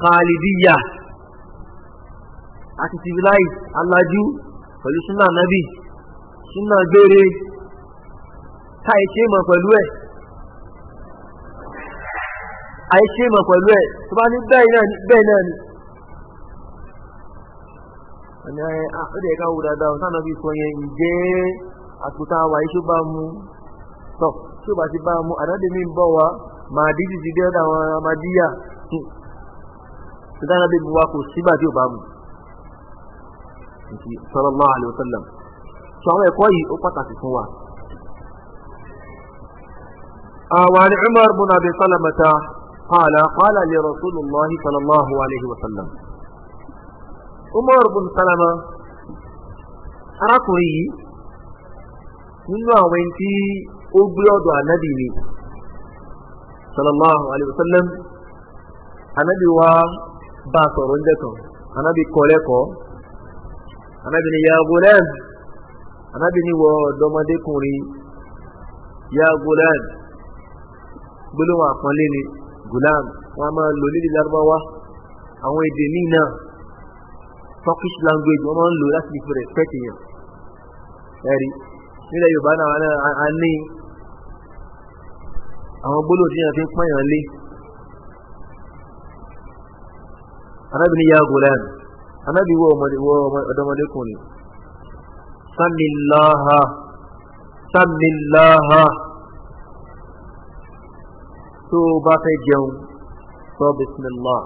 khalidiyya a ti civilize alájú pẹ̀lú súnà nábì súnà gbére ká ìṣe mọ̀ pẹ̀lú ẹ̀ àìṣe mọ̀ pẹ̀lú ẹ̀ tó bá ní bẹ́ẹ̀ náà ni bẹ́ẹ̀ náà ni ọ̀nà ọ̀dẹ̀ ẹ̀ka wò dáadáa ọ̀sán náà fi sọ yẹn ǹjẹ́ àtúntà wà iṣó bá mú tọ̀ tí ó bá ti bá mú àdáde mi ń bọ̀ wá màá dídì ti dé ọ̀dà àwọn amadíyà tìtànà bí buwa kò sígbà tí ó bá mú sallallahu alaihi wasallam sọ àwọn ẹ̀kọ́ yìí ó pàtàkì fún wa وعن عمر بن أبي سلمة قال قال لرسول الله صلى الله عليه وسلم عمر بن سلمة أراكري nínú àwọn ẹni tí ó gbé ọ̀dọ̀ ànábì ni sallallahu alayhi wa sallam ànábì wa bá a sọ̀rọ̀ ń dẹ́kan ànábì kọ́ lẹ́kọ̀ọ́ ànábì ni ya gulam ànábì ni wọ ọ̀dọ́mọdékùnrin ya gulam gbólóhùn àpọ́nlé ni gulam wọn a máa lò nílẹ̀ lárúbáwá àwọn èdè míì náà turkish language wọn máa ń lò láti fi respect yẹn ẹ̀rí nílẹ̀ yorùbá náà a ní àwọn gbólóhùn tí yẹn fi ń pọ́nyàn lé arábìnrin ya gulam anábì wọ ọ̀dọ́mọdékùnrin samilaha samilaha. توبات جون تو بسم الله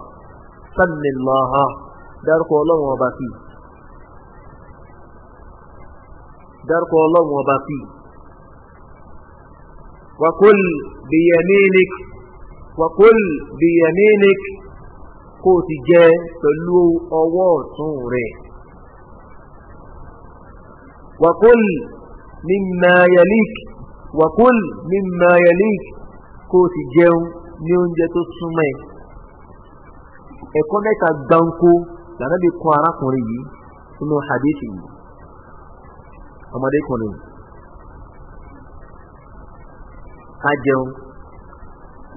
سن الله دار قولون وباقي دار قولون وباقي وقل بيمينك وقل بيمينك قوت جي تلو أواتوري وقل مما يليك وقل مما يليك kó o sì jẹun ní oúnjẹ tó súnmọ́ ẹ ẹ̀kọ́ mẹ́ta gbáǹkó lànàbí kọ́ arákùnrin yìí nínú hadithi yìí ọmọdékùnrin ká jẹun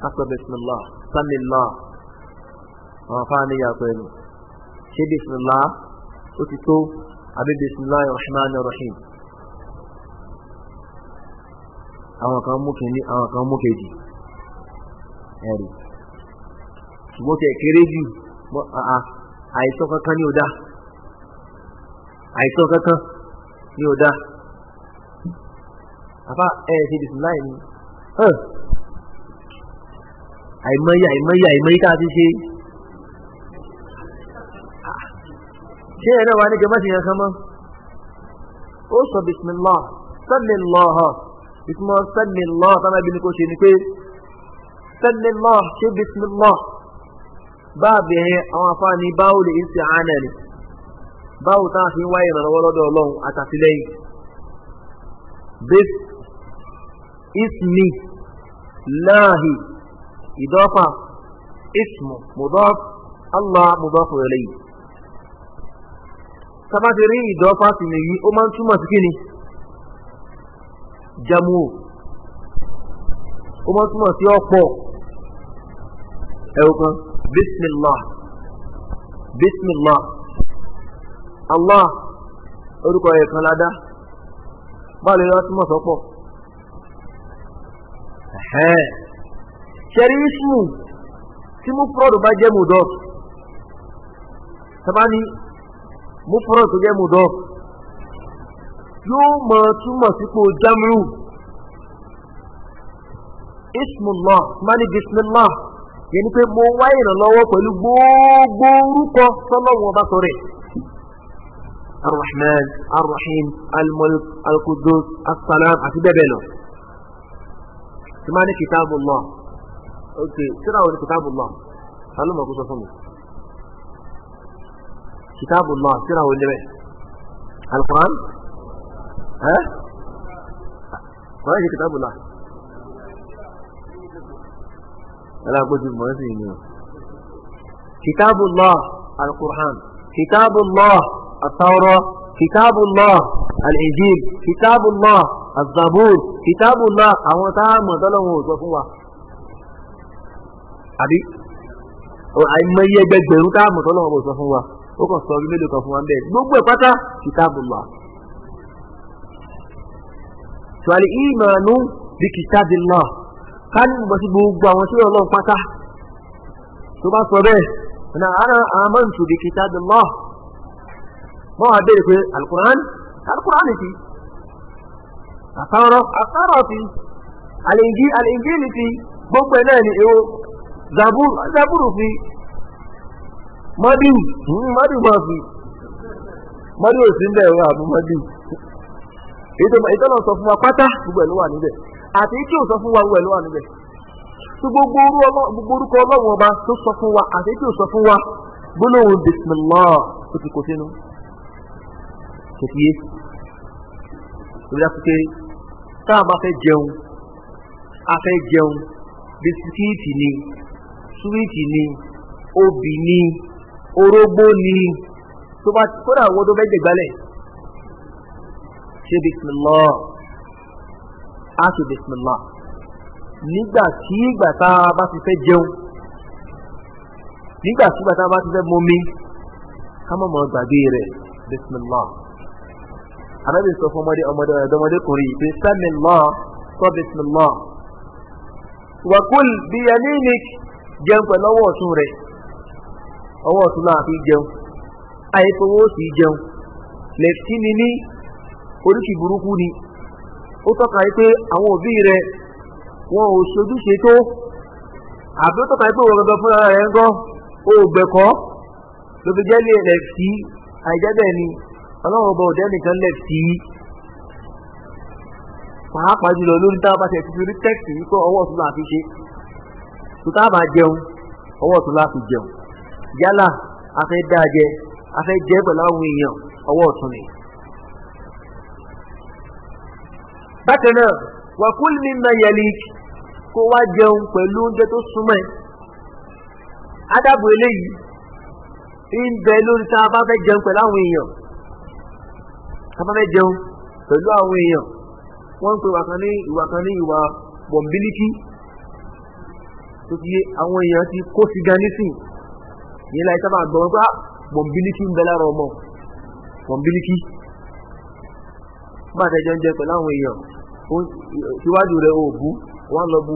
ká sọ bisimilá samilá àwọn afáàní yàtọ̀ ẹnu ṣé bisimilá ó ti tó àbí bisimilá rahman rahim àwọn kan mú kìíní àwọn kan mú kejì ẹ̀rì ṣùgbọ́n tẹ̀ kéré jù àìsàn kankan ní ọ̀dà àìsàn kankan ní ọ̀dà àfa ẹ̀ ṣe bismillah ni àìmọye àìmọye àìmọye tá a ti ṣe ṣé ẹ̀rọ wa ní jọmọ́sí yẹn kan mọ́ ó sọ bismillah sallallahu ìtumọ̀ sallallahu tábàbí ni kò ṣe ni pé sẹ́mílọ́ ṣé bisimilọ́ báàbí yẹn àwọn afáàní báwo lè ṣe àánà ni báwo táwọn fi ń wáyé ìrànlọ́wọ́ lọ́dọ̀ ọlọ́run àtàtìlẹ́yìn bis ismi láàhì ìdọ́fà ismu mudọ́f allah mudọ́f ilayhi tabati rí ìdọ́fà sí ni ó máa ń túmọ̀ sí kíni jamu ó máa ń túmọ̀ sí ọ̀pọ̀ ẹ̀wọ̀n kan bismillah bismillah allah orúkọ yẹn kan ládá báwo ni wọ́n ti mọ̀ sọ́pọ̀ ṣẹ̀rí ismu tí mufrọ́dù bá jẹ́ mudọ́f sábà ní mufrọ́dù tó jẹ́ mudọ́f yóò mọ̀ túmọ̀ sípò jamru ismullah mani bismillah yẹn ni pé mo wá ìrànlọ́wọ́ pẹ̀lú gbogbo orúkọ tọ́lọ́wọ́ bá sọ rẹ̀ arrahman arrahim almulk alqudus assalam àti bẹ́ẹ̀ bẹ́ẹ̀ lọ. tí máa ní kitabullah ok síra wo ni kitabullah ta ló mọ̀ kó sọ fún mi kitabullah síra wo ni bẹ́ẹ̀ alquran ẹ́ kọ́ra ṣe kitabullah. alágbójú mọ́ sí ni o. kitabullah al-Qur'an kitabullah at-Tawrah kitabullah al-Injil kitabullah az-Zabur kitabullah àwọn tá a mọ̀ tọ́lọ́wọ́n ò sọ fún wa. àbí àìmọye ẹgbẹgbẹ̀rún tá a mọ̀ tọ́lọ́wọ́n ò sọ fún wa ó kàn sọ orí mélòó kan fún wa bẹ́ẹ̀ gbogbo ẹ̀ pátá kitabullah. sọ̀rọ̀ ìmọ̀ àánú bí kitabillah. ká ní ìmọ̀ sí gbogbo àwọn tí ọlọ́run pátá tó bá sọ bẹ́ẹ̀ ọ̀nà ara amantu bi kitabillah mọ́ wá béèrè pé alukur'an alukur'an ti àtàrọ̀ àtàrọ̀ ti àlèjì ni ti gbogbo ẹ̀ náà ni èwo zabur zaburu fi mọ́dù hmm, mọ́dù máa fi mọ́dù ò sí ń bẹ̀ àbú mọ́dù ìtọ́nà sọ àti kí o sọ fún wa wẹ̀ ló wà níbẹ̀ tí gbogbo orúkọ ọlọ́run ọba tó sọ fún wa àti kí o sọ fún wa gbólóhùn bismillah tó ti kò sínú kò yé lórí àpèké tá a bá fẹ́ jẹun a fẹ́ jẹun bisikíìtì ni súwìtì ni obì ni orógbó ni tó bá kódà àwọn tó fẹ́ jẹ̀gbálẹ̀ ṣe bismillah á ṣe bisimilá nígbà tí ìgbà tá a bá ti fẹ́ jẹun nígbà tí ìgbà tá a bá ti fẹ́ mọmi ká má mọ gbàgbé rẹ̀ bisimilá anábì sọ fún ọmọdé ọmọdé ọmọdé kùnrin yìí pé sẹ́mìlá sọ bisimilá wàkúl biyaminik jẹun pẹ̀lú ọwọ́ ọ̀tún rẹ̀ ọwọ́ ọ̀tún náà fi jẹun àyẹ̀fọwọ́ sì jẹun lẹ́tí ni ní oríṣi burúkú ni ó tọ́ka yìí pé àwọn òbí rẹ̀ wọn ò ṣojúṣe tó àbí ó tọ́ka yìí pé òun gbẹgbẹ fúnra rẹ̀ ń gọ́ ó gbẹ̀kọ́ ló fi jẹ́ e lẹ̀ sí àìjẹ́bẹ̀ ni ọlọ́run ọba òdẹ́ nìkan lẹ̀ sí pàápàá jùlọ lórí tá a bá ṣe ti rí tẹ́ẹ̀sì wípé ọwọ́ ọ̀tún láti ṣe tó tá a bá jẹun ọwọ́ ọ̀tún láti jẹun yálà a dáa jẹ a jẹ pẹ̀lú àwọn èèyàn ọwọ́ ọ̀tún nìyẹn bákan náà wà kúl mimma yalik kó wá jẹun pẹ̀lú oúnjẹ tó súnmọ́ ẹ̀ adábò eléyìí ń bẹ lórí tá a bá fẹ́ jẹun pẹ̀lú àwọn èèyàn a bá fẹ́ jẹun pẹ̀lú àwọn èèyàn wọ́n ń pe ìwà kan ní ìwà kan ní ìwà bọ̀m̀bílíkì tó ti yé àwọn èèyàn ti kó sí gan nísìn yìí láì sábà gbọ́ wọn pé ah, bọ̀m̀bílíkì ń bẹ lára ọmọ bọ̀m̀bílíkì bá àtẹ̀jọ́ ń jẹ pẹ̀lú àwọn èèyàn síwájú rẹ̀ ò bú wọ́n lọ bu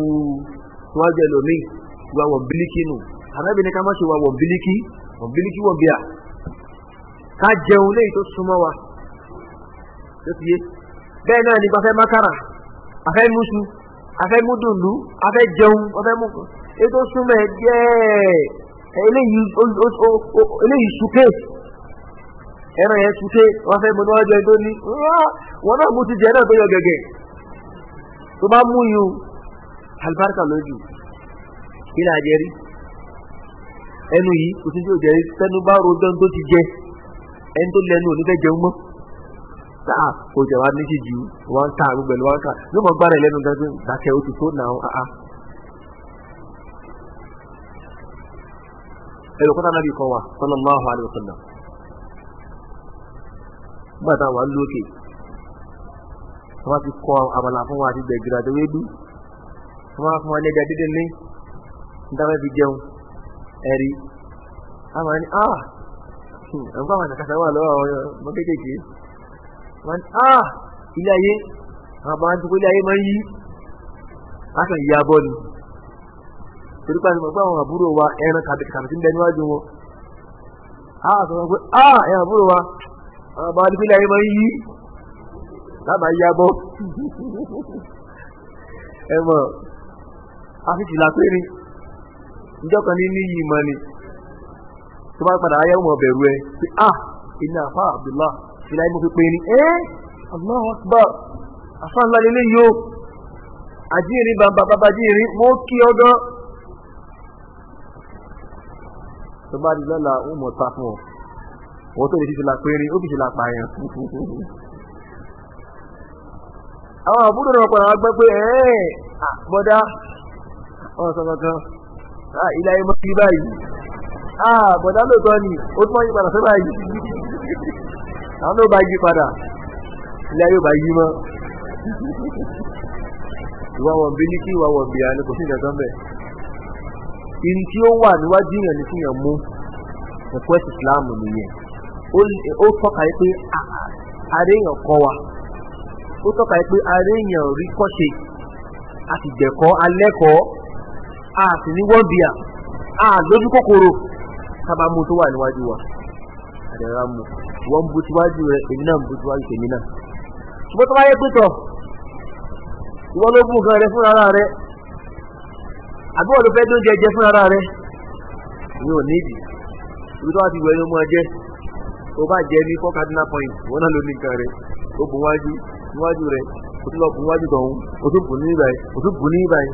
síwájú ẹlòmíì wà wọ̀n bílíkì nù àbẹ́bí ni ká má ṣe wà wọ̀n bílíkì wọ̀n bílíkì wọ̀n bíà ká jẹun léyìí tó súnmọ́ wa tó ti yé bẹ́ẹ̀ náà nípa fẹ́ mákàrà afẹ́ musu afẹ́ mudundu afẹ́ jẹun afẹ́ mu ètò súnmọ́ ẹ jẹ́ eléyìí súké ẹran yẹn súké wọ́n fẹ́ mọ níwájú ẹ tó ní wọ́n náà mú ti jẹ náà tó yọ gẹ̀gẹ̀ tó bá mú yìí alibarika lójú kí ni àjẹrí ẹnu yìí kò sí tí ò jẹrí tẹnu bá rojọ́ tó ti jẹ ẹni tó lẹ́nu ò ní fẹ́ jẹun mọ́ sáà ah, kò jẹ wá méjì ju wọn ká gbogbo ẹni wọn ká yóò mọ gbára ẹlẹ́nu gángan dákẹ́ ó ti tó nà án áá. Ah, ah. ẹ̀rọ kọ́tà náà bí kọ́ wa sallallahu alaihi wasallam. nígbà táwọn wà lókè wọ́n ti kọ àmàlà fún wa àti gbẹ̀gìrì àti wédú wọ́n wá fún wa lẹ́dí àdídé lé nígbà fi jẹun ẹ̀rí àmà ní ah nǹkan àwọn àkàkàtà wà lọ́wọ́ àwọn ọmọ kéékèèké wọ́n ní ah ilé ayé àwọn àbá àti ilé ayé máa ń yí láti ìyá bọ́ ni torí pàṣẹ mọ̀ pé àwọn àbúrò wa ẹran kàbìkàbì ń bẹ níwájú wọn ah sọ wọn pé ah ẹran àbúrò wa àwọn àbá àti ilé ayé máa ń yí láàmà yá bọ́ ẹ mọ̀ afíṣì làpé ni ìjọ́ kan ní níyì mọ́ ni tó bá padà ayé ọmọ bẹ̀rù ẹ pé ah iná àfa Abdullah ìlà ìmọ̀ pípé ni ẹ́ Allahu Akbar àfa ńlá lélẹ́ yìí ó àjíyìnrín bàbá bàbá àjíyìnrín mo kí ọdọ́ tó bá di lọ́la ó mọ̀ ta fún ọ wọ́n tó lè fi ṣe la péré ó fi ṣe la pààyàn àwọn àbúrò náà padà wá gbọ́ pé ẹ̀ẹ́n bọ́dá ọ̀rọ̀ sọ̀rọ̀ kan ilé ayé mọ́ sí báyìí bọ́dá lóòótọ́ ni ó tún máa yí padà sí báyìí àwọn náà bá yí padà ilé ayé ò bá yí mọ́ ìwà wọn bí ní kí ìwà wọn bí i àní kò sí ìdàgbọ́n bẹ̀. in tí ó wà níwájú yẹn ni kíyàn mú ẹ̀kọ́ ìsìláàmù nìyẹn ó tọ́ka yìí pé àdéhùn kọ́ wa. ó tọ́ka pé ara èèyàn rí kọ́ṣe a alẹ́kọ̀ọ́ a ní wọ́n a lójú kòkòrò sábà mú tó wà wa àdàrà mú wọ́n bú síwájú rẹ̀ èmi náà bú síwájú tèmi náà ṣùgbọ́n tó bá yẹ pẹ́tọ̀ ìwọ ló bú nǹkan rẹ fún ara rẹ àbí wọ́n ló fẹ́ lóúnjẹ jẹ fún ara rẹ ìyẹn ò nídìí ibi tó wá ti wẹ̀ ló mú ọ tó bá jẹ ní níwájú rẹ̀ o tún lọ bù níwájú tọ̀hún o tún bù ní ibàyí o tún bù ní ibàyí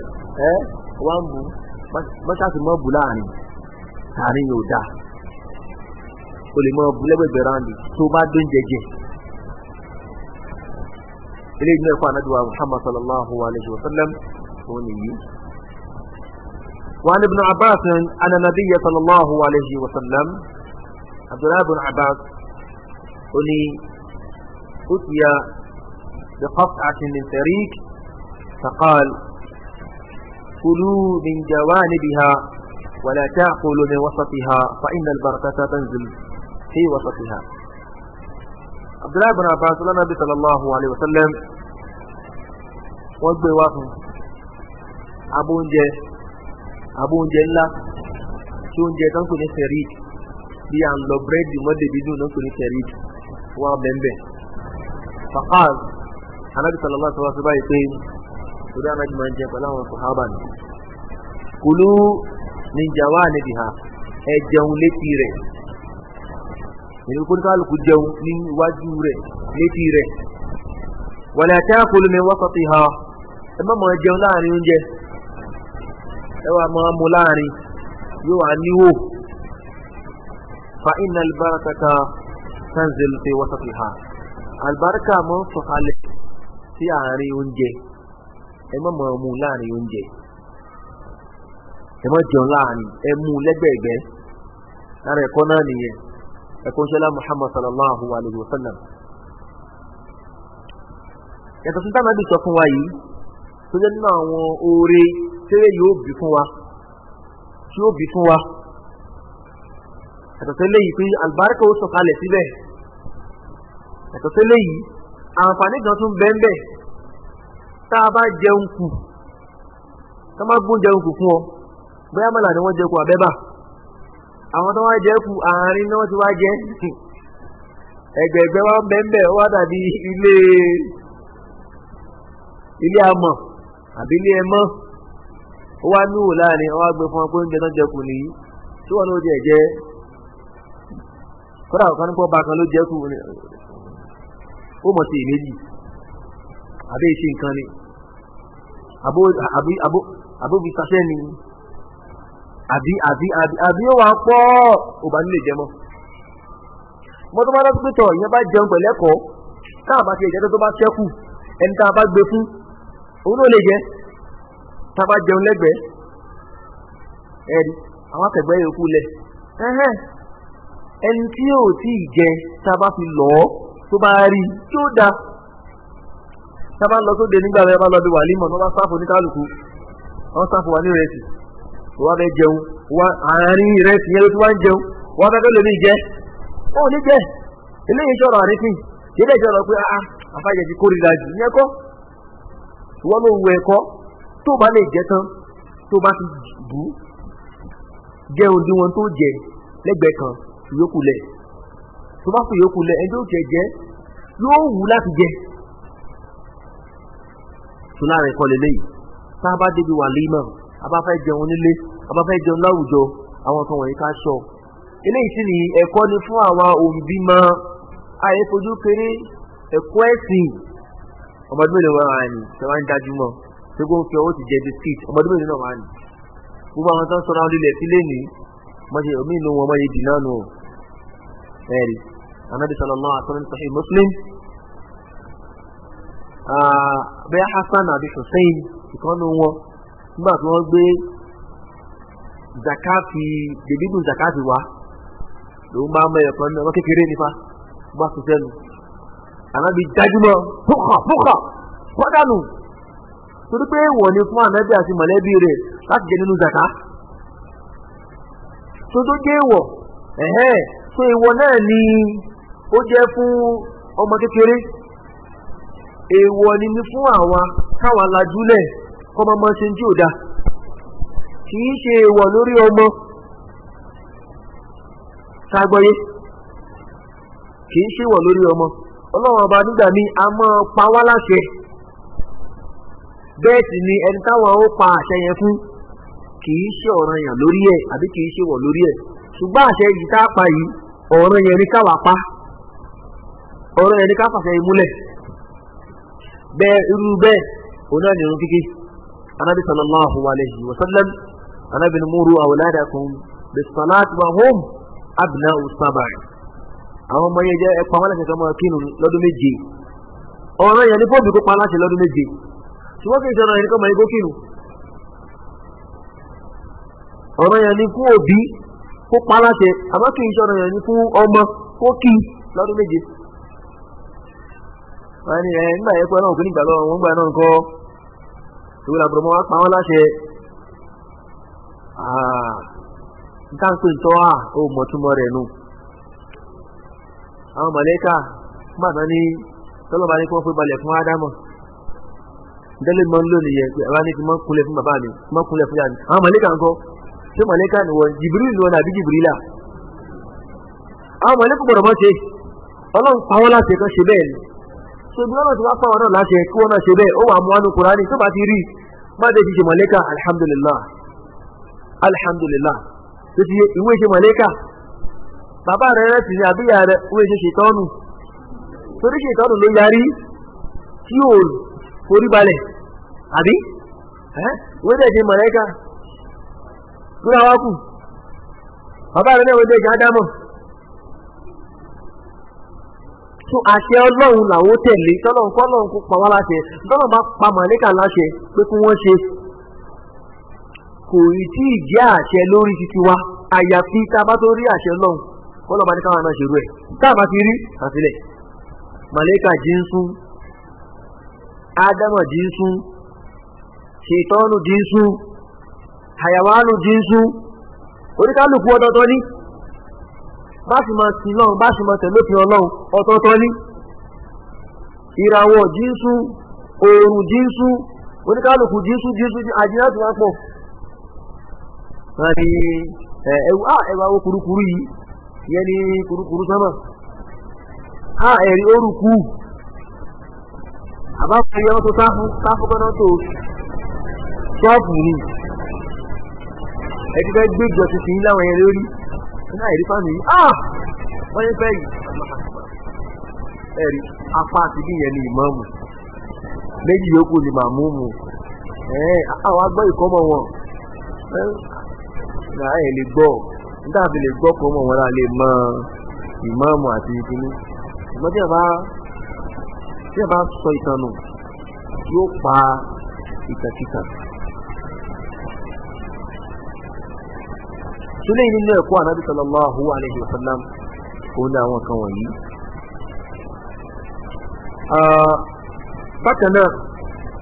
ẹ wá ń bù mọ́ṣáàtì mọ́ bù láàrin láàrin yóò dáa o lè mọ bù lẹ́gbẹ̀gbẹ̀ ráńdì tó bá dé jẹjẹ. eléyìí náà fún anabi muhammad sallallahu alayhi wa sallam òun nìyí. وعن ابن عباس أن النبي صلى الله عليه وسلم عبد الله بن عباس أني أتي بقطعة من طريق فقال كلوا من جوانبها ولا تأكلوا من وسطها فإن البركة تنزل في وسطها عبد الله بن عباس النبي صلى الله عليه وسلم wọ́n gbé أبو fún أبو abóúnjẹ ńlá tí oúnjẹ تنكني ń بي عن لبريد bí بدون تنكني lọ وابن بي فقال anábì sallallahu alaihi wasallam báyìí pé torí anábì máa ń jẹ pẹ̀lú àwọn sàhábà ni kulu min jawanibiha ẹ jẹun létí rẹ̀ ìlú kó kálukú jẹun ní iwájú rẹ̀ létí rẹ̀ wala ta'kulu min wasatiha ẹ má máa jẹun láàrin oúnjẹ ẹ wà máa mu láàrin yóò wá níwò fa inna albarakata tanzilu fi wasatiha albaraka máa ń sọ̀kalẹ̀ sí àárín oúnjẹ ẹ má máa mú láàrin oúnjẹ ẹ má jẹun láàrin ẹ mú lẹ́gbẹ̀ẹ́gbẹ́ lára ẹ̀kọ́ náà nìyẹn ẹ̀kọ́ ṣẹlá Muhammad sallallahu alayhi wa sallam yàtọ̀ sí táwọn ẹbí sọ fún wa yìí tó jẹ́ nínú àwọn oore tẹ́lẹ̀ yóò bí fún wa tí ó bí fún wa yàtọ̀ sí eléyìí pé àlùbáríkà ó sọ̀kalẹ̀ síbẹ̀ yàtọ̀ sí eléyìí àǹfààní kan tún bẹ́ńbẹ́ tá a bá jẹun kù tá a bá gún jẹun kù fún ọ bóyá mọ́là ni wọ́n jẹ kù àbẹ́bà àwọn tó wá jẹ kù àárín náà ti wá jẹ ẹgbẹ̀gbẹ́ wa bẹ́ńbẹ́ wá dàbí ilé ilé amọ̀ àbí ilé ẹmọ́ ó wá níwò láàrin ọwá gbé fún ọ pé oúnjẹ náà jẹ kù nìyí tí wọn ló jẹ jẹ kódà kan nípa ọba kan ló jẹ kù ó mọ̀ sí èméjì àbẹ́ ìṣe nǹkan ni àbóbi sasẹ́ ni àbí àbí àbí àbí ó wà pọ̀ ò bá nílé jẹmọ́ mo tó bá lọ pé tọ̀ ìyẹn bá jẹun pẹ̀lẹ́kọ̀ọ́ táà bá ti ẹ̀jẹ̀ tó bá ṣẹ́kù ẹni tá a bá gbé fún òun náà lè jẹ́ tá a bá jẹun lẹ́gbẹ̀ẹ́ ẹ̀rí àwọn akẹgbẹ́ yòókù lẹ̀ ẹni tí yóò tí ì jẹ tá a bá fi lọ́ọ́ tó bá rí tí ó da sábà lọ sóde nígbà rẹ bá lọ bí wàlímọ̀ tó bá sáfò ní kálukú wọ́n sáfò wà ní ìrẹsì tó wá fẹ́ jẹun àárín ìrẹsì yẹn ló ti wá ń jẹun wọ́n fẹ́ fẹ́ lómi jẹ ó ní jẹ eléyìí sọ̀rọ̀ àrífín ilé ìjọba pé a ah, ah, àfàjẹ ti kórìíra jù ní ẹ̀kọ́ wọ́n ló wọ ẹ̀kọ́ tó bá lè jẹ tán tó bá ti bù jẹun díwọ̀n tó jẹ lẹ́gbẹ̀ẹ́ kan ìyókù lẹ̀ tó bá fún yòókù lẹ ẹni tó jẹ jẹ yóò wù láti jẹ tó láàrin kọ tá a bá débi wà límọ̀ a bá fẹ́ jẹun nílé a bá fẹ́ jẹun láwùjọ àwọn kan wọ̀nyí ká sọ eléyìí sì ni ẹ̀kọ́ ni fún àwọn òǹbímọ àyè fojú kéré ẹ̀kọ́ ẹ̀sìn ọmọdé mélòó wọn wà ní ṣe wọn ń dájú mọ́ ṣé kó ń fi ọwọ́ ti jẹ bisikíìtì ọmọdé mélòó náà wà ní gbogbo àwọn tó ń sọ náà lílẹ̀ sílé ní mọ́ṣẹ́ omi ìlú wọn mọ́ṣẹ́ dì náà nù ẹ̀rí النبي صلى الله عليه وسلم صحيح مسلم bẹ́ẹ̀ hasan àbí hussein ìkànnì wọn nígbà tí gbé zakati dèbídùn zakati wá lòun bá mọ ẹ̀kọ́ náà wọ́n kékeré nípa bá fi sẹ́nu ànábi jájúmọ́ fúkà fúkà pọ́dánù torí pé wọ́n ní fún ànábi àti mọ̀lẹ́bí rẹ̀ láti jẹ nínú zaka tó tó dé ó jẹ́ fún ọmọ kékeré èèwọ̀ ni ni fún àwa káwa lajúlẹ̀ kọ́mọ ṣe tí ò da kì í ṣe èèwọ̀ lórí ọmọ ṣàgbọ́yé kì í ṣe èèwọ̀ lórí ọmọ ọlọ́run ọba nígbà a pa wá láṣẹ bẹ́ẹ̀ ni ẹni táwọn ó pa àṣẹ yẹn fún kì í ṣe ọ̀ràn yàn lórí ẹ̀ àbí kì í ṣe wọ̀ lórí ẹ̀ ṣùgbọ́n àṣẹ yìí tá a ni pa ọ̀rọ̀ ẹni ká fàṣẹ ìmúlẹ̀ bẹ́ẹ̀ irú bẹ́ẹ̀ òun náà nìrún kíkí anábì sallallahu alayhi wa sallam anábì ni múru awladakum bis salati wa hum abna'u sab'i àwọn ọmọ yẹn jẹ́ ẹ̀kọ́ àwọn aláṣẹ kan máa kírun lọ́dún méje ọ̀rọ̀ yẹn ní fóònù kó pa aláṣẹ lọ́dún méje ṣùgbọ́n kì í sọ̀rọ̀ ẹni kan máa yẹ kó kírun yẹn ní fún òbí kó pa aláṣẹ àmọ́ kì í sọ̀rọ̀ yẹn ní fún ọmọ kó kí lọ́dún méje wọ́n ní ẹ̀ nígbà yẹn pé ọlọ́run kò ní gbà náà kọ́ ìwé làbúrò wá pa láṣẹ. nǹkan pè ń tọ́ à ó mọ̀túmọ̀ rẹ̀ nù. àwọn mọ̀lẹ́kà ní tọ́lọ́ba ní kí fún ádámọ̀. ìdẹ́lẹ̀ mọ́ pé fún bàbá mi fún yàrá mi. àwọn mọ̀lẹ́kà ṣé mọ̀lẹ́kà ni wọ́n jìbìrì ni wọ́n àbí jìbìrì là. àwọn mọ̀lẹ́kà gbọ́dọ̀ mọ́ ṣe ọlọ́run ṣebí ọ̀nà tí wọ́n pa wọn náà láṣẹ kí wọ́n náà ṣe bẹ́ẹ̀ ó wà mú wánú kúránì tó bá ti rí má dé ti ṣe mọ̀lẹ́kà alhamdulillah alhamdulillah tó ti ìwé ṣe mọ̀lẹ́kà bàbá rẹ̀ rẹ̀ sì ní àbíyá rẹ̀ ìwé ṣe ṣètọ́nù torí ṣètọ́nù ló yarí tí ò forí balẹ̀ àbí ìwé dẹ̀ ṣe mọ̀lẹ́kà kúrò àwọn bàbá rẹ̀ náà ìwé dẹ̀ ṣe ádámọ̀ so àṣẹ ọlọ́run làwọn tẹ̀lé tọ́lọ́run fọ́lọ́run kó pa wá láṣẹ tọ́lọ́run bá pa màlẹ́kà láṣẹ pé kí wọ́n ṣe kò rí tí ì jẹ́ àṣẹ lórí titi wa àyàfi tá a bá tó rí àṣẹ ọlọ́run kọ́lọ́ bá ní káwọn náà ṣerú ẹ̀ tá a bá ti rí àfilẹ̀ màlẹ́kà jínsún ádámà jínsún ṣètọ́nù jínsún àyàwálù jínsún oníkálùkù ọdọọdọ ní. bá sì máa sin lọ́run bá sì máa tẹ̀lé òfin ọlọ́run ọ̀tọ̀ọ̀tọ̀ ní ìràwọ̀ jínsú oòrùn jínsú oníkálùkù jínsú jínsú àjíyàn ti pọ̀ àti ẹwà yìí ni kùrukùru sọ́mà á ẹ̀rí oòrùn kú àbáwọn ní àìrí fáàmì yìí ah wọ́n yẹn fẹ́ yìí ẹ̀rí apá àti bí yẹn ni ìmáàmù méjì yòókù ni màmúmù ẹ̀ẹ́n àwọn agbọ́ ìkọ́mọ wọn náà ẹ̀ lè gbọ́ nígbà tí lè gbọ́ kọ́mọ wọn náà lè mọ ìmáàmù àti ìdíní ìmọ̀ tí ẹ bá sọ ìtàn nù yóò pa ìtàkìtàn. سليم lẹ́yìn nínú ẹ̀kọ́ ànábì sallallahu alayhi wa sallam òun ní àwọn kan wọ̀nyí.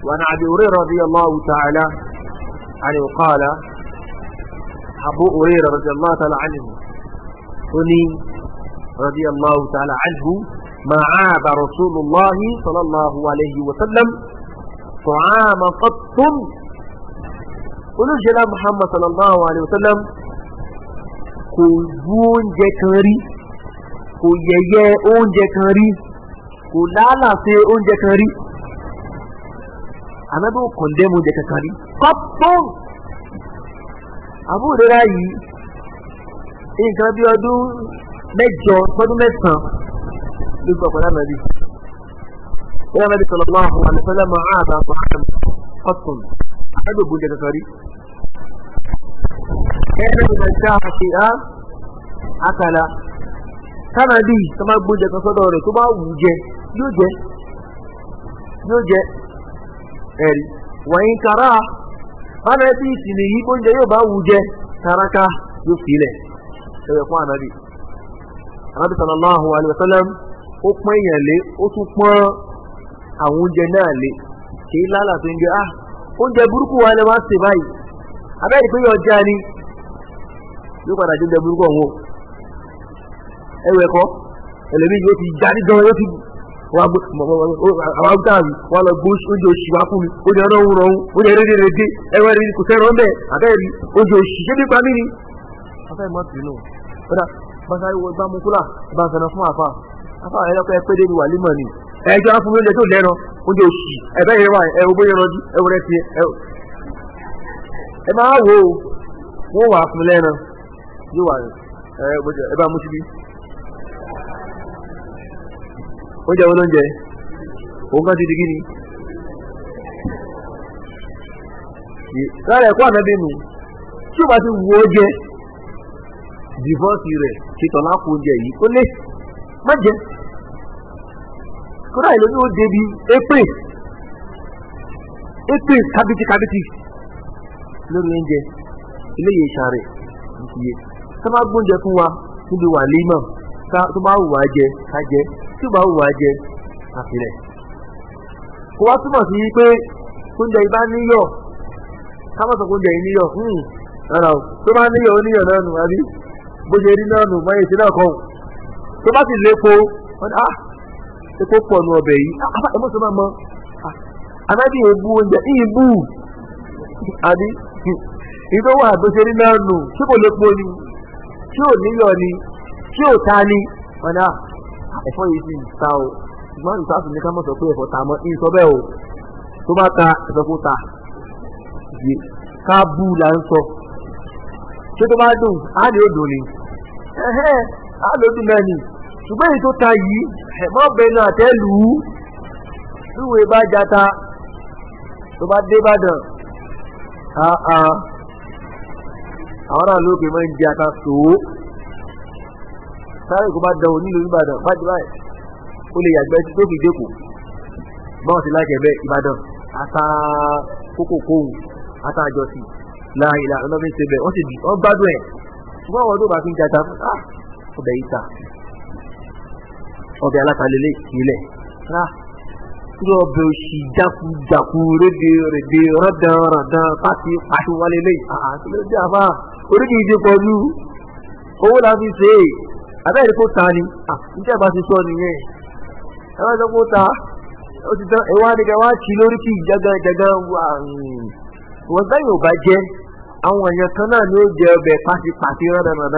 وعن أبي هريرة رضي الله تعالى عنه قال أبو هريرة رضي الله تعالى عنه هني رضي الله تعالى عنه ما عاب رسول الله صلى الله عليه وسلم طعاما قط ونجل محمد صلى الله عليه وسلم kò bú oúnjẹ kan rí kò yẹ̀yẹ́ oúnjẹ kan rí kò lálàfẹ́ oúnjẹ kan rí ànábì ò kọ̀ndẹ́mù oúnjẹ kankan rí kọ́pọ́n àbúrẹ́ra yìí nǹkan bí ọdún mẹ́jọ tọdún mẹ́sàn-án ló gbọ́ pẹ̀lú ànábì ìyá ànábì sallallahu alaihi wasallam máa ń àbá àbá àbá ọ̀tún oúnjẹ kankan rí. ẹni ìgbà tí a ṣe E àkàlà kánàbì tó máa gbóúnjẹ kan sọ́dọ̀ rẹ̀ tó bá wù jẹ yóò jẹ yóò jẹ ẹ̀rí wọ̀nyí kàrá yóò bá wù jẹ yóò filẹ̀ fún ó pọ́n èèyàn lé ó tún pọ́n àwọn oúnjẹ náà lé kì í lálàá tó ń ah oúnjẹ burúkú wa lè wá sè ni yóò padà dé dẹ̀bú gbọ̀n ẹlẹ́mí yóò ti jáde gan yóò ti àwọn agbáàrí wọn lọ gbó oúnjẹ oṣù wá fún mi ó ní òun rọrùn ó ní ẹrẹ́dẹ́ ẹwẹ́ kò fẹ́ràn oúnjẹ oṣù nípa mí ni. afẹ́ mọ́ bàtà ìwọ ìgbà bá ń fẹ́ràn fún pé wà límọ̀ ni. ẹjọ́ á fún mi oúnjẹ tó lẹ́nu oúnjẹ oṣù ẹ̀bẹ́ yẹn wà rọjú yóò wà ẹ bá mú síbí oúnjẹ wọn ló jẹ òun kan ti di gíní. lára tí o bá ti jẹ lápò oúnjẹ yìí kó lé má jẹ kódà ìlú ni ó débi épè épè kábìtì kábìtì lórí oúnjẹ ilé yìí tó bá gbóúnjẹ fún wa níbi wà límọ̀ tó bá wù wá jẹ ká jẹ tó bá wù wá jẹ àfilẹ̀. kò wá túmọ̀ sí wípé oúnjẹ ibà níyọ̀ sọ oúnjẹ yìí níyọ̀ hmm, o tó bá níyọ̀ ó níyọ̀ náà nù àbí bó ṣe rí náà nù máa ṣe náà kàn tó ah epo pọ̀ nù ọbẹ̀ yìí ah, ah máa mọ anábì ah, oúnjẹ ìbú àbí ìdó wà bó ṣe tí ò níyọ̀ ni tí ò ta ni wọn náà ẹ̀fọ́ yìí sì ta o ṣùgbọ́n ìta sì ní ká mọ̀ sọ pé ẹ̀fọ́ ta mọ́ ní sọ bẹ́ẹ̀ o tó bá ta ẹ̀fọ́ kó ta yìí ká bú la ń sọ ṣé tó bá dùn á lè odò ni á lè odò náà ni ṣùgbọ́n èyí tó ta yìí ẹ̀mọ́ bẹnu àtẹ́ lù ú lúwẹ̀ẹ́ bá jata tó bá dé Ìbàdàn àwọn aráàlú òkè máa ń jẹ ata sòó sáré kó bá dán o nílùú ìbàdàn bájú báyìí ó lè yàgbẹ́ tó fi dẹ́kù báwọn ti láìkẹ́ bẹ́ẹ̀ ìbàdàn ata kókò kóhùn ata àjọsìn láàyèlà ọlọ́mí ṣe bẹ̀ wọ́n ti dì wọ́n gbádùn ẹ̀ ṣùgbọ́n àwọn tó bá fi ń jata fún ah ọbẹ̀ yìí ta ọbẹ̀ alátalélé ìpínlẹ̀ ah tí ọbẹ̀ òṣì jákujáku rédè rédè rọ́dàn rọ̀dàn pàṣẹ pàṣẹ wálé lẹ́yìn àti lójú àbá oríkì ìdí pọ̀lú owó la fi ṣe é abẹ́rẹ́ kó ta ni níta bá ti sọ nìyẹn ẹ wá sọ pé ta ó ti tán ẹ̀wá ni kẹ́ wá kí lórí kí jẹ́gán jẹ́gán wọ́n sẹ́yìn ò bá jẹ́ àwọn èèyàn kan náà ni ó jẹ ọbẹ̀ pàṣípàṣí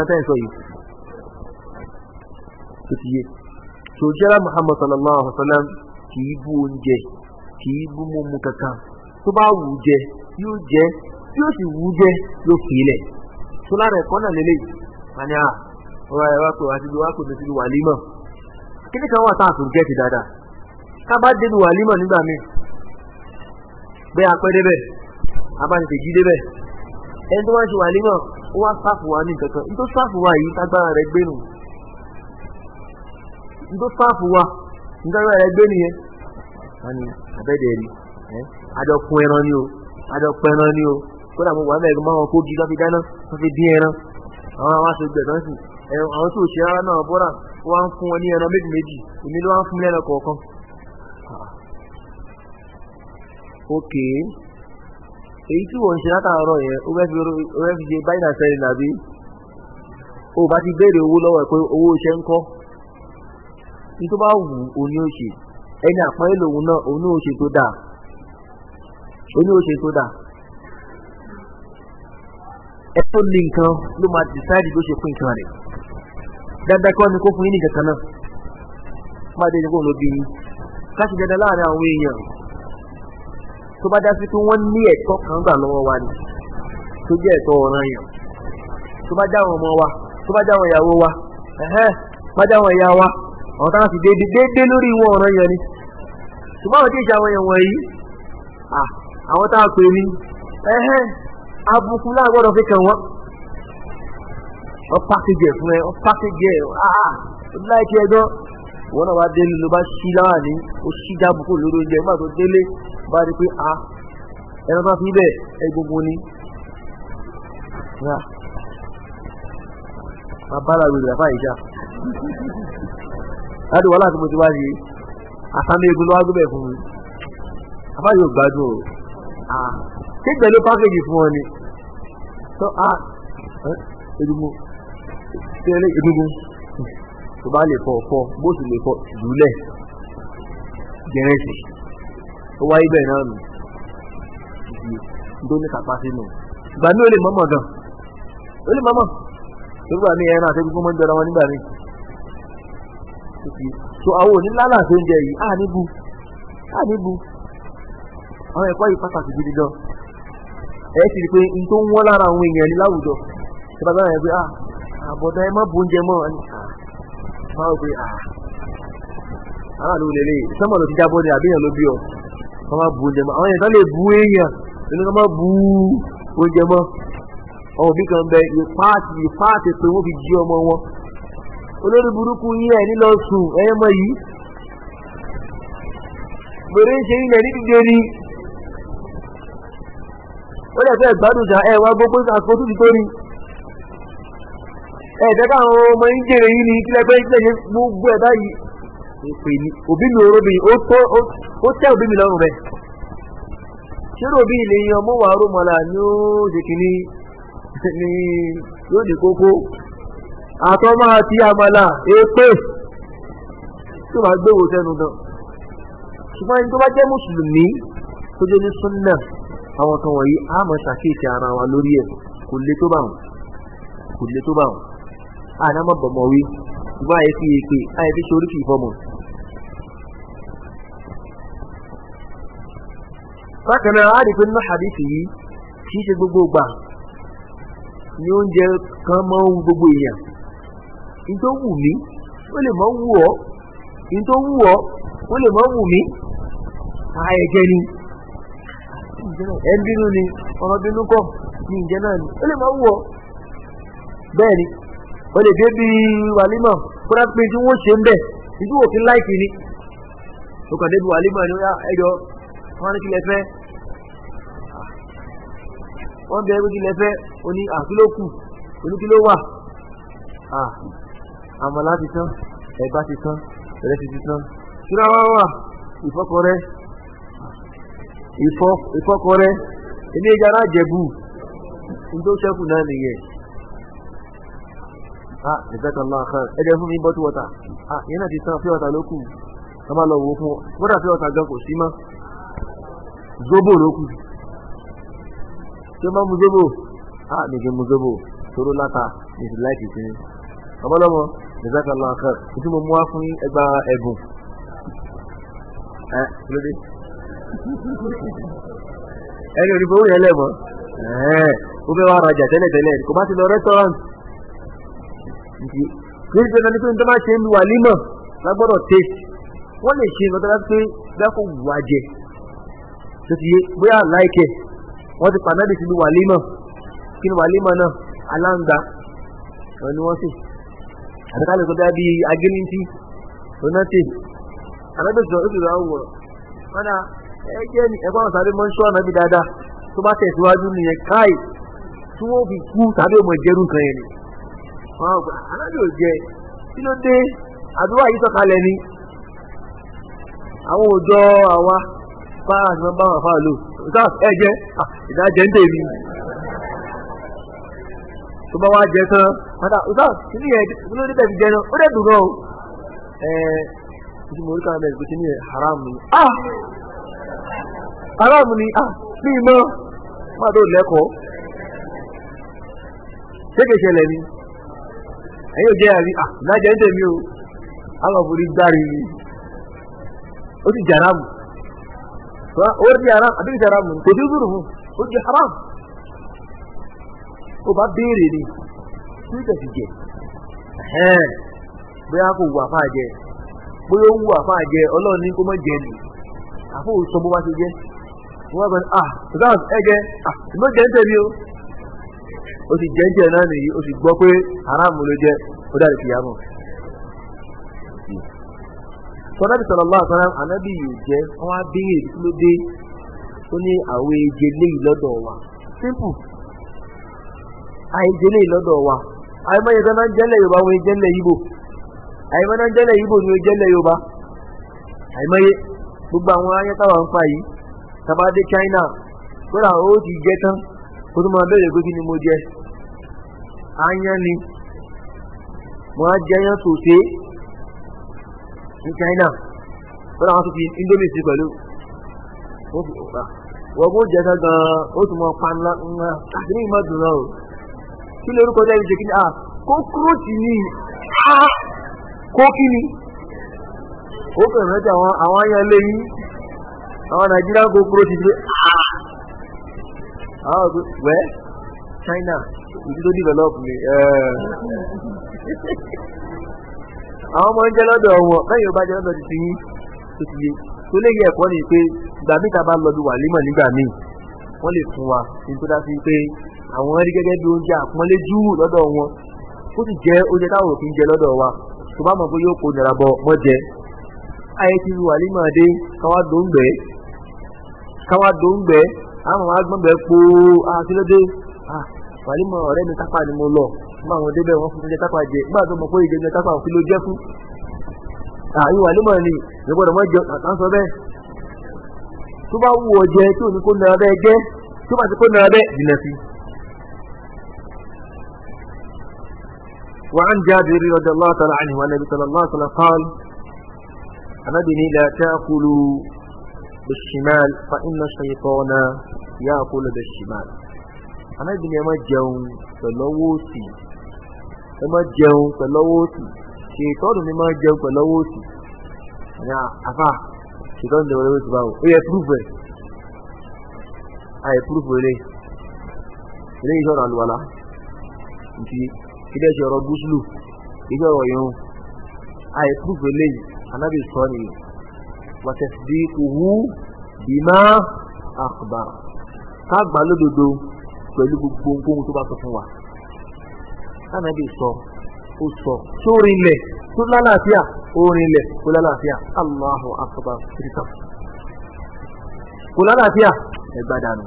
tẹ́ sọ yìí tó ti yé tó Muhammad sallallahu alaihi wa sallam kì í bú oúnjẹ kì í bú kankan tó lára ẹ̀kọ́ náà lélẹ̀ àní à ọ̀rọ̀ ẹ̀ wá pé wá síbi wá pè mí síbi wàlímọ̀ kí ni kan wà táà tún gẹ́ẹ̀tì dáadáa ká bá débi wàlímọ̀ nígbà míì bẹ́ẹ̀ jí ẹni tó wá ó wá sáfù wa ní sáfù wa yìí ni o ẹran ni o kódà mo wà ń bẹ̀rẹ̀ máa wọn kó gíga fi dáná wọ́n fi dín ẹran àwọn àwọn aṣojú ẹ̀dán sì àwọn tó ṣe ara náà bọ́ra wọ́n á fún wọn ní ẹran méjì méjì èmi ló wá ń fún lẹ́nu kọ̀ọ̀kan. ok èyí tí wọ́n ń ṣe látàárọ̀ yẹn ó fẹ́ fi ṣe báyìí náà sẹ́yìn nàbí o bá ti béèrè owó lọ́wọ́ ẹ̀ pé owó iṣẹ́ ń kọ́ ní tó bá wù ú ní òṣè ẹni àpọ́nlé lòun náà òun ní òṣè tó dáa òun ní òṣè tó dáa. ẹ tó ní nǹkan ló máa decide bó ṣe pín nǹkan rẹ̀ dáadáa kí wọ́n kó fún yín ní nǹkan náà máa dé ìdíkò lóbi láàrin àwọn èèyàn tó bá dá sí pé wọ́n ní ẹ̀tọ́ kan gbà lọ́wọ́ wa ni tó jẹ́ ẹ̀tọ́ ọ̀ràn yàn tó bá dá àwọn ọmọ wa tó bá dá àwọn ìyàwó wa bá dá àwọn ìyá wa àwọn táwọn ti déédéé déédéé lórí ìwọ ọ̀ràn yàn ni ṣùgbọ́n àwọn tí àbùkù láàgbọ́dọ̀ fi kàn wọ́n wọ́n pàkéjì ẹ̀ fún ẹ wọ́n pàkéjì ẹ̀ ah, ah láìkí ẹjọ́ wọ́n náà wá délé ló bá ṣí láàánú ó ṣí jábùkù lórí oúnjẹ má tó délé bá rí pé ah ẹran bá fi bẹ́ẹ̀ ẹ gbogbo ni máa bá làwọn èrè àfáà ìjà láti wọ́n láti mo ti wá yìí àsámi egun ló wá gbé bẹ̀ fún mi àfáà yóò gbádùn o kéèké ah, ló pàkéjì fún ọ ni tó a ah, edugun eh, tẹ́lẹ̀ edugun tó bá lè fọ ọ̀fọ́ bó sì lè fọ ìdúlẹ̀ gẹ̀rẹ́sì ó wáyé bẹ́ẹ̀ náà nù ìdí tó ní kápá sínú ìgbà mi ò lè mọ́mọ́ gan ó lè mọ́mọ́ tó gbà mí ẹran àti egungun máa ń jọra wọn nígbà míì so àwọn onílànà tó ń jẹ yìí á níbu á níbu àwọn ẹ̀kọ́ yìí pàtàkì gidi gan ẹ ti rí i pé n tó ń wọ́n lára àwọn èèyàn ní láwùjọ ṣe bá dáhùn ẹ pé ah, àbọ̀dá ẹ má bóúnjẹ mọ́ ọ ní máa ah. wọ pé aráàlú lè lè sọ́mọ̀ ló ti jábọ́ ni àbíyàn ló bí ọ wọ́n má bóúnjẹ mọ́ àwọn èèyàn lè bú èèyàn nínú ká má bú oúnjẹ mọ́ ọmọ bí kan bẹ ìpáàtì ìpáàtì pé wọ́n fi jí ọmọ wọn olórí burúkú yín ẹ̀ nílọ sùn ẹ̀yẹ́ mọ́ yìí gbèrè ń ṣe ilẹ̀ nídìde ó lè fẹ́ gbádùn jà ẹ wá gbogbo àsìkò tó ti tó rí ẹ ìfẹ́ káwọn ọmọ yín jèrè yín ni kílẹ̀gbẹ́ ìṣẹ̀lẹ̀ gbogbo ẹ̀ báyìí èpè ni òbí mi òróbì ó tẹ́ òbí mi lọ́rùn rẹ̀ ṣé òbí ilé yan mọ́ wàá rómọlá ní ó dèkì ní ní yóò ní kókó àtọ́ máa ti àmàlà èpè tó máa gbéwò sẹ́nu gan ṣùgbọ́n ẹni tó bá jẹ́ mùsùlùmí tó jẹ́ ní súnnà àwọn kan wọ̀nyí a mọ̀ ṣàkíyèsí ara wa lórí ẹ̀ kò lè tó bá wọn kò lè tó bá wọn àná mọ̀ bọ̀mọ̀ wí ìwà ayé fi èpè ayé fi ṣorí kì í fọmọ. bákan náà a rí pé nínú hadith yìí kì í ṣe gbogbo gbà ni oúnjẹ kan máa ń wu gbogbo èèyàn nítorí wù mí ó lè máa wù ọ́ nítorí wù ọ́ ó lè máa wù mí ààyè jẹ ni ìjẹ́ náà ń bínú ni ọmọ bínú ní ìjẹ́ náà ni ó lè máa wù ọ́ bẹ́ẹ̀ ni ó lè dé bíi wàlímọ̀ kódà pé tí wọ́n ṣe ń bẹ̀ ìjú òfin láìkì ni ó kàn débi wàlímọ̀ ni ó yá ẹjọ́ wọn ní kí lẹ fẹ́ wọ́n bẹ̀rẹ̀ pé kí lẹ fẹ́ oní àkílókù oní kí wà àmàlà ti tán ẹ̀bá ti tán ẹ̀rẹ́ ti ti tán kí wà ìfọ́kọrẹ́ ìfọkọrẹ ilé ìjára jẹ̀bù ní tó ṣẹ́kù náà nìyẹn ah ìfẹ́kọ̀ náà kan ẹ̀dẹ̀ fún mi bọ́tú wọ́ta ah yẹn náà ti tán fí wọ́ta ló kù ká má lọ wò fún bọ́tà fí wọ́ta gan kò sí mọ́ zobo ló tí ó máa mu zobo ah nìkan mu zobo tóró láta nìkan láìkì sí ni ọmọlọ́mọ ìfẹ́kọ̀ náà kan ìtumọ̀ mú wá fún ẹgbàá ẹ̀bùn ẹ lóde ẹni òdìbò ó yẹn lẹ́mọ̀ ó fẹ́ wá rajà tẹ́lẹ̀tẹ́lẹ̀ kò bá ti lọ rẹ́sọ́rọ̀ǹtì kì í ṣe dandan pé nítorí ṣe ń lu àlímọ̀ lágbọ́dọ̀ tè wọ́n lè ṣe nǹkan tó dá pé dákò wàjẹ́ tó ti yé bóyá láìkẹ́ wọ́n ti pàdánù sí lu àlímọ̀ kí ni wàlímọ̀ náà aláǹgbá ọ̀ ni wọ́n sì àtàkàlẹ̀ tó dá bíi agéníntì lọ́nà tè àbẹ́bẹ̀ sọ̀rọ̀ ó sì rà wọ̀ ọ́nà ẹ jẹ́ ni ẹ̀fọ́ àwọn sáré ànábì dáadáa tó bá nìyẹn káì tí wọ́n fi kú tàbí ọmọ kan yẹn ni. ànábì ò jẹ kí ló dé àdúrà yìí sọ̀kalẹ̀ ni àwọn òjò àwa bá àwọn bá wà ń tó bá wá jẹ tán padà kí ló dé tẹ̀ fi jẹ náà ó dẹ̀ dùn náà aráàmù ni a ah, bí iná má tó lẹ́kọ̀ọ́ ṣégeṣẹlẹ̀ ni ẹ̀yìn òjẹ́ àrí à ah, ń tẹ̀mí o àwọn òbúrí gbárí ni ó ti jàrámù ó ti jàrámù àbí jàrámù kò tí ó dúró fún ó ti haram ó bá béèrè ni tí ó tẹ̀sí jẹ bóyá kò wù àfáà bóyá ó wù àfáà jẹ kó má jẹ bó bá wọ́n bá ah à ìdáhùn ẹ̀jẹ̀ ìmọ̀ jẹ́ ń tẹ̀lé o o sì jẹ́ náà nìyí o sì gbọ́ pé haramu ló jẹ́ yìí jẹ́ wọ́n á ló dé ó ní àwọn simple àìjè léyìí lọ́dọ̀ wa àìmọye jẹ́lẹ̀ yorùbá jẹ́lẹ̀ àìmọye gbogbo àwọn ayẹ́tàwọn tàbá dé China kódà ó ti jẹ tán kó tó máa bẹ̀rẹ̀ pé kí ni mo jẹ aáyán ni wọ́n á jẹyán tòṣe ní China kódà wọ́n tún fi indomie sí pẹ̀lú wọ́n bó jẹ tán gan-an ó tún mọ panla ńlá àti ní ìmọ̀ dùn náà o kí lórúkọ jẹ́ ìṣe kí ni ah kókúròtì ni ah kó kí ni ó kàn rántí àwọn àwọn ayánlé yín àwọn Nigerian gogoro ti dé ah ah wẹ́ China ìdí tó develop ni eh. àwọn ọmọ ń jẹ́ lọ́dọ̀ wọn lẹ́yìn ọba jẹ́ lọ́dọ̀ ti ti yín tó ti yé tó léyìn ẹ̀kọ́ ni pé ìgbà míì ta bá lọ bí wàlímọ̀ nígbà míì wọ́n lè fún wa ní tó dá sí pé àwọn rí gẹ́gẹ́ bí oúnjẹ àpọ́nlé jù lọ́dọ̀ wọn ó sì jẹ́ oúnjẹ táwọn òfin jẹ lọ́dọ̀ wa tó bá mọ̀ pé yóò kó nira bọ̀ mọ́ jẹ ayé ti wàlímọ̀ dé káwá dóńgbẹ́ káwá dò ń bẹ àwọn agbọ́n bẹ po àtìlódé wàlímọ̀ ọ̀rẹ́ mi tápà ni mo lọ nígbà wọn débẹ̀ wọn fún jẹ tápà jẹ nígbà tó mọ pé ìjẹun jẹ tápà òfin ló jẹ fún. àyè wàlímọ̀ ni ìgbọ́dọ̀ mọ́ jẹun àtàn sọ bẹ́ẹ̀ tó bá wù ọ jẹ tí ò kó nara bẹ́ẹ̀ jẹ́ tó bá ti kó nara bẹ́ẹ̀ jìnà sí. وعن جابر رضي الله تعالى عنه والنبي صلى الله عليه وسلم قال أنا بني لا بالشمال فإن الشيطان يأكل بالشمال أنا بن يما جون فلووتي يما جون فلووتي شيطان يما جون فلووتي أنا أفا شيطان ده فلووتي باو هي بروفر أي بروفر ليه ليه يجور على الولا أنت كده جرى بوسلو يجور يوم أي بروفر ليه أنا بيسوني وتصديقه بما أخبر ká gbà lódodo pẹ̀lú gbogbo ohun tó bá sọ fún wa ánàbì sọ ó sọ tó rinlẹ̀ tó lálàáfíà ó rinlẹ̀ tó lálàáfíà Allahu akbar tìrìkà kò lálàáfíà ẹgbà dànù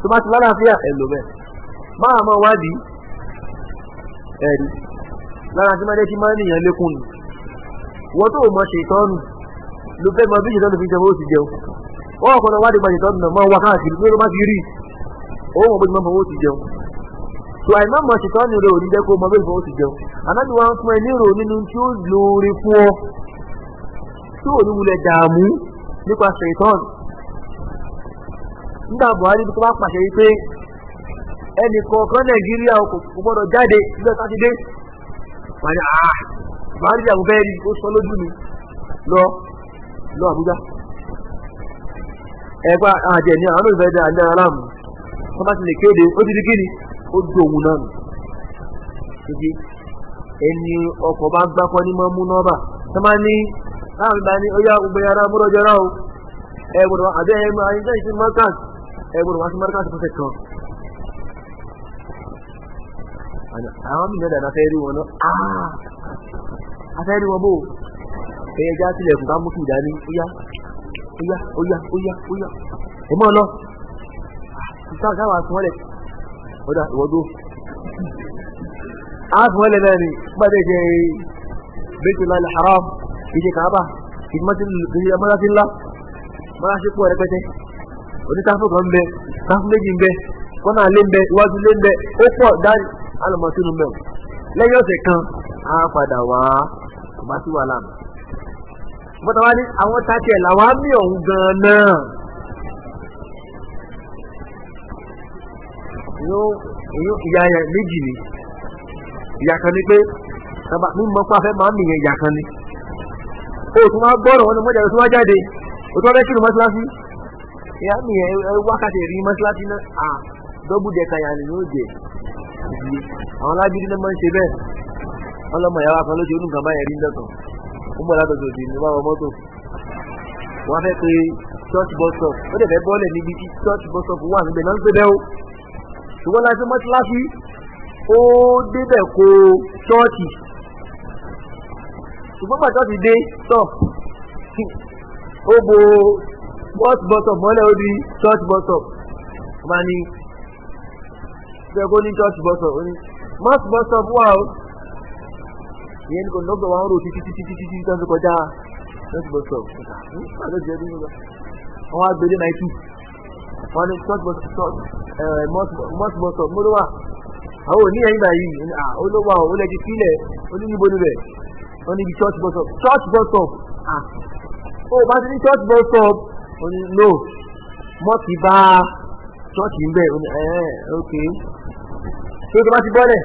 tó bá ti lálàáfíà ẹ lò bẹ́ẹ̀ máa máa wádìí ẹ̀rí lára tí máa jẹ́ kí máa nìyẹn lékún ni wọ́n tó mọ̀ ṣètọ́nù ló fẹ́ máa bíjì náà ló fi jẹun ó ti jẹun wọ́n wà kọ́nà wádìí gbàjẹ́ tọ́nu máa wá káàkiri ló má ti rí òun mọ̀ bó máa fọwọ́ ti jẹun tó àìmọ́ mọ̀ ṣètọ́ ni rẹ̀ ò jẹ́ kó fọwọ́ ti jẹun wa ń Buhari tó bá pàṣẹ yìí pé ẹnì kọ̀ọ̀kan Nàìjíríà kò gbọ́dọ̀ jáde sátidé ah, Buhari ó sọ lójú lọ lọ Abuja, ẹgbà àjẹ ní àwọn olùfẹ́ dá ní aram tó bá ti lè kéde ó ti di kíni ó di òun náà nù títí ẹni ọkọ̀ bá gbákọ́ ní mọ́mú nọ́ọ̀bà tó máa ní láàrin bá ní ọyá o ìṣe fọ́sẹ̀ kan àwọn mìíràn dàda fẹ́ ẹyẹ já sílẹ̀ kù bá mú kí ìdání óyá óyá óyá óyá óyá ẹ mọ́ lọ sísá káwá sún ọlẹ̀ ọ̀dà ìwọ́dó a sún ọlẹ̀ náà ni gbàdé jẹ Baitul Haram ìjẹ Kaaba ìjẹ mọ́tàtí ńlá mọ́tà sí rẹpẹtẹ oníkàfọ́ kan ń bẹ káfọ́ méjì ń bẹ kọ́nà lé ń bẹ iwájú lé ń bẹ ó pọ̀ lẹ́yìn ọ̀sẹ̀ kan padà wá sí wàhálà mi. bọ́tà wá ní àwọn tàkì ẹ̀ làwọn á mí ọ̀hún gan-an náà. ìyá yẹn méjì ni ìyá kan ni pé mímọ pa fẹ́ máa ń mìyàn ìyá kan ni ó tún wá gbọ́rọ̀ wọn ni mọ́jà tó wá jáde ó tún wá bẹ́ kírun mọ́ṣáláṣí ìyá mìyàn wákàtí rí mọ́ṣáláṣí náà dọ́bù dẹ̀kayà ni yóò jẹ àwọn alábídí náà máa ń ṣe bẹ́ẹ̀ ọlọ́mọ ìyá wa kan ló ṣe onúgàmbá yẹn rí ń dẹ́kun ó mọ̀ látọ̀tọ̀ òdì ní wọ́n mọ́tò wọ́n fẹ́ pé church bus stop ó dẹ̀ fẹ́ bọ́ọ̀lẹ̀ níbi tí church bus stop wà níbẹ̀ náà ń gbé o ṣùgbọ́n láti mọ́tíláṣí ó débẹ̀ kó chọ́ọ̀tì ṣùgbọ́n pàtó ti dé tọ̀ ó bo bus bus stop mọ́lẹ̀ ó di church bus stop ọba ni ṣe kó ní church bus stop ó ní mọ́tì bus stop wà o ìyẹn ní kò ní ọgbà wọn rò títí títí títí títí tó ń fi kọjá church bus stop wọn wá gbélé náà tù wọn ní church bus stop mosque bus stop mọ́tò wà àwọn òní ẹ̀yìn náà yìí olówó àwọn olẹ́jì sílẹ̀ oníyìnbó níbẹ̀ wọn níbi church bus stop church bus stop ó bá ti ní church bus stop wọn ní no mọ́tì bá church ń bẹ̀ ẹ̀ ok ṣé o tó bá ti bọ́lẹ̀.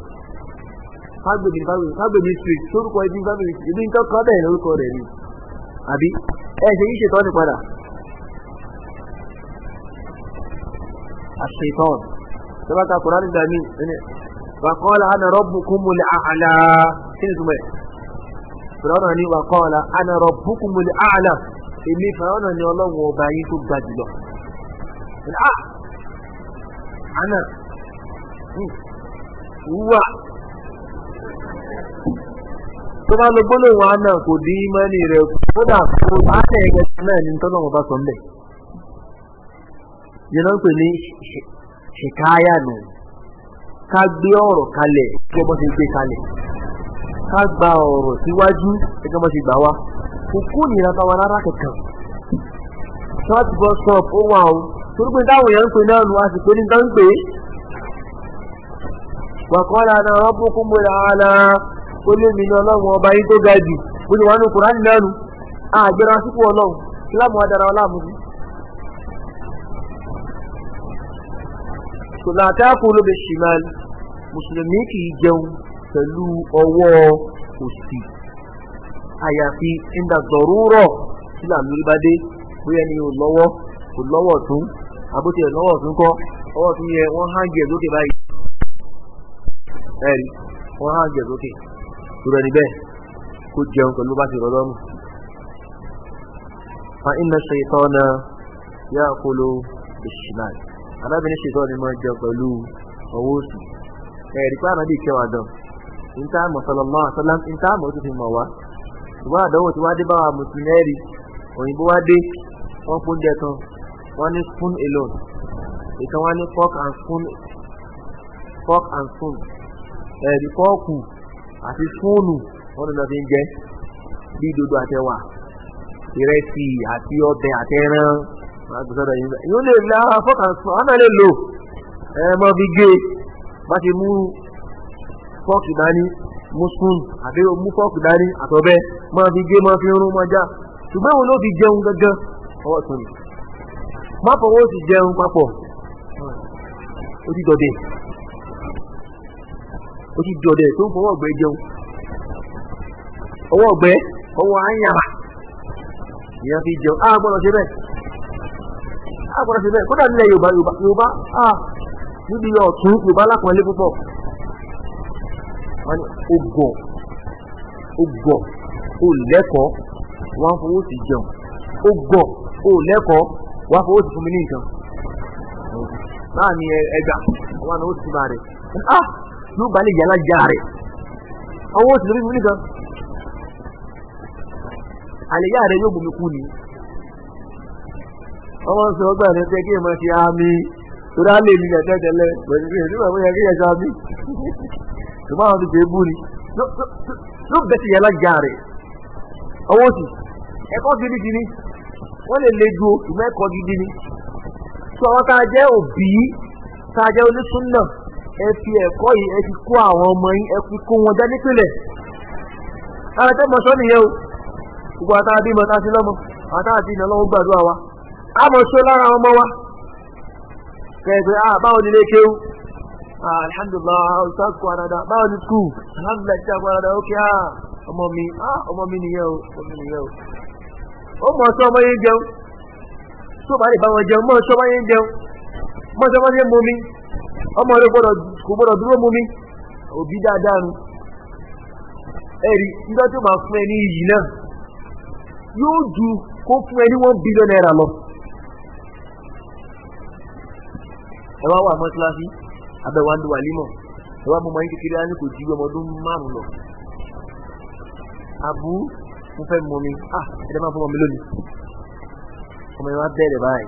fágbèmí fágbèmí street sórúkọ ibi fágbèmí street ibi nǹkan kan bẹ́ẹ̀ lórúkọ rẹ̀ ni àbí ẹ ṣe yí ṣètọ́ ni padà àṣetọ́ sábàkà kùránì dání ẹni wàkọ́lá ana rabbukumul a'la kí ni túmọ̀ ẹ̀ a'la èmi ni ọlọ́run ọba yín tó ga jùlọ ah, ana hmm. tó bá lo gbólóhùn àná kò dín ìmánì rẹ̀ kódà kó ẹgbẹ́ náà ní sọ nù ká gbé ọ̀rọ̀ kalẹ̀ kí ti gbé kalẹ̀ ká gba ọ̀rọ̀ síwájú kí ti gbà wá kò nìyẹn bá wa rárá kankan. ṣọ́ọ̀tì bọ́ torí pé táwọn èèyàn ń pè náà nù a sì pé وقال أنا ربكم bụ كل من الله وبعيد جاجي كل وانو kuran نانو آه جراسك والله لا adara ولا مدي لا تأكل بالشمال mùsùlùmí kì í jẹun pẹ̀lú ọwọ́ òsì àyàfi ìgbà zọ̀rúrọ̀ tí làmúrí bá dé bóyá ni ò lọ́wọ́ kò lọ́wọ́ tún àbótiẹ̀ lọ́wọ́ tún kọ́ ọwọ́ tún yẹ wọ́n hàn lókè báyìí ẹ̀rí wọ́n á jẹ̀ sókè ìrọ̀ ẹni bẹ́ẹ̀ kó jẹun pẹ̀lú bá ti rọ̀ lọ́rùn. fa inna shaytana ya'kulu bishimal arábìnrin ṣètọ́ ni máa jẹun pẹ̀lú ọwọ́ òsì ẹ̀rí pé àná bí kẹwàá dán níta àmọ̀ sallallahu alaihi wasallam níta àmọ̀ tó fi mọ̀ wá ìwà àdánwò tí wàá dé bá wa mùsùlùmí ẹ̀rí òyìnbó wá dé wọ́n fún oúnjẹ kan wọ́n ní spoon alone ìkan wọ́n ní fork and spoon fork and spoon ẹ̀rí fọ́ọ̀kù àti fóònù wọ́n lọ́nà fi ń dodo àtẹwà ìrẹsì àti ọbẹ̀ àtẹran àgbẹ̀sọ̀dọ̀ yìí yóò lè la fọ́ọ̀kànsán àná lè lò ẹ fi gé bá ti mú fọ́ọ̀kì dání mú àbí mú fọ́ọ̀kì dání àtọ̀bẹ́ fi gé mọ́ fi rún mọ́ já ṣùgbọ́n òun ló fi jẹun ọwọ́ má fọwọ́ sí jẹun papọ̀ ó ti dọ̀dẹ̀. o ti dọ̀dẹ̀ tó ń fọwọ́ ọ̀gbẹ́ jẹun ọwọ́ ọgbẹ, ọwọ́ fi jẹun á gbọ́dọ̀ ṣe bẹ́ẹ̀ á gbọ́dọ̀ ṣe bẹ́ẹ̀ kódà nílẹ̀ Yorùbá Yorùbá níbi ọ̀tún Yorùbá lápọ̀nlé púpọ̀ wọ́n ní ogọ̀ ogọ̀ ó lẹ́kọ̀ọ́ wọ́n sí jẹun ogọ̀ ó lẹ́kọ̀ọ́ sí fún mi ní ẹgbà yóò bá lè yàrá já rẹ̀ ọwọ́ sì lórí nìkan àlèyá rẹ̀ yóò bomi kú ni ọmọ sọ ọgbà rẹ̀ pé kí ẹ máa ṣe àmì torí á lè nílẹ̀ tẹ́tẹ́lẹ̀ pẹ̀lú ìrìn nígbà wọ́n yẹ kí ẹ ṣe àmì ṣùgbọ́n àwọn ti gbé bú ni yóò bẹ̀ sí yàrá já rẹ̀ ọwọ́ sì ẹ̀kọ́ gidi gidi wọ́n lè le ju oṣù mẹ́kọ̀ọ́ gidi ni sọ ọ́ tá a jẹ́ òbí tá a jẹ́ onísùn náà. ẹ fi ẹ̀kọ́ yìí ẹ fi kó àwọn ọmọ yín ẹ fi kó wọn jáde pínlẹ̀ ara tẹ́ na nìyẹn o gbogbo a lọ́mọ àtàwọn àti lọ́wọ́ gbàdúrà wa a mọ̀ lára ọmọ wa kẹ̀kẹ́ a ah, báwo ni lè kéwú ah, alhamdulillah ọ̀sán kó àdàdà báwo ni skul ah, mi a mi nìyẹn o ọmọ mi nìyẹn o ó mọ̀ ọmọ jẹun tó bá lè bá ọmọ rẹ kò gbọ́dọ̀ dúró mú mi òbí dáadáa nu ẹ̀rí nígbà tó máa fún ẹ ní iyì náà yóò ju kó fún ẹ ní one billion naira lọ. ẹ wá wà mọ́ṣáláṣí abẹ́wà ń lo wàlímọ̀ ẹ wá mú ọmọ yín kékeré á ní kò ju ọmọ ọdún márùn-ún lọ. àbú mo fẹ́ mọ mi ah ẹ̀dá máa fún ọmọ mi lónìí ọmọ yẹn wá bẹ̀rẹ̀ báyìí.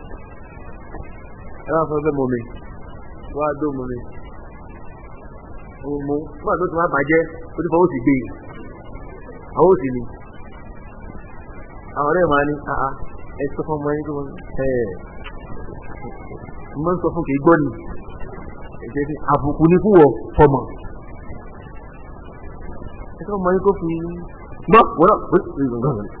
ẹ wá sọ pé mo mi dó mo mi mo mo nígbà tó bàjẹ́ ó ti fọwọ́ sí gbé àwọn òsì ni àwọn ọ̀rẹ́ màá ní àá ah, ah, ẹ sọ fún ọmọ yín tó ẹ mo ń sọ fún kì í gbọ́ ni ẹ̀jẹ̀ ni àbùkù ni fún wọ fọmọ ẹ sọ fún ọmọ yín kó fi gbọ́ wọ́n náà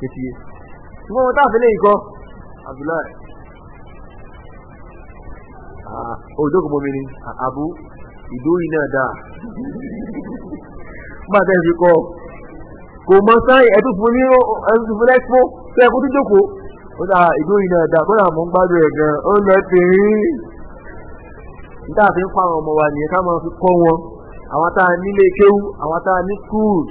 kétíye ṣùgbọ́n wọn táà fẹ́lẹ́ ikọ́ abdullahi òjòkòmọ́mi ah, ni Abu, ìdórí náà dáa bá tẹ́ fi kọ́ kò mọ sáyìn ẹ̀dùn fún ní ẹ̀dùn fún lẹ́sìpọ̀ tó ẹ̀kú tó jókòó ó dà ìdórí náà dáa kódà mọ́ ń gbádùn ẹ̀ gan ó lọ ti rí níta fi ń pa àwọn ọmọ wa nìyẹn e, ká máa fi kọ́ wọn àwọn tá nílé kéwú àwọn tá ní skools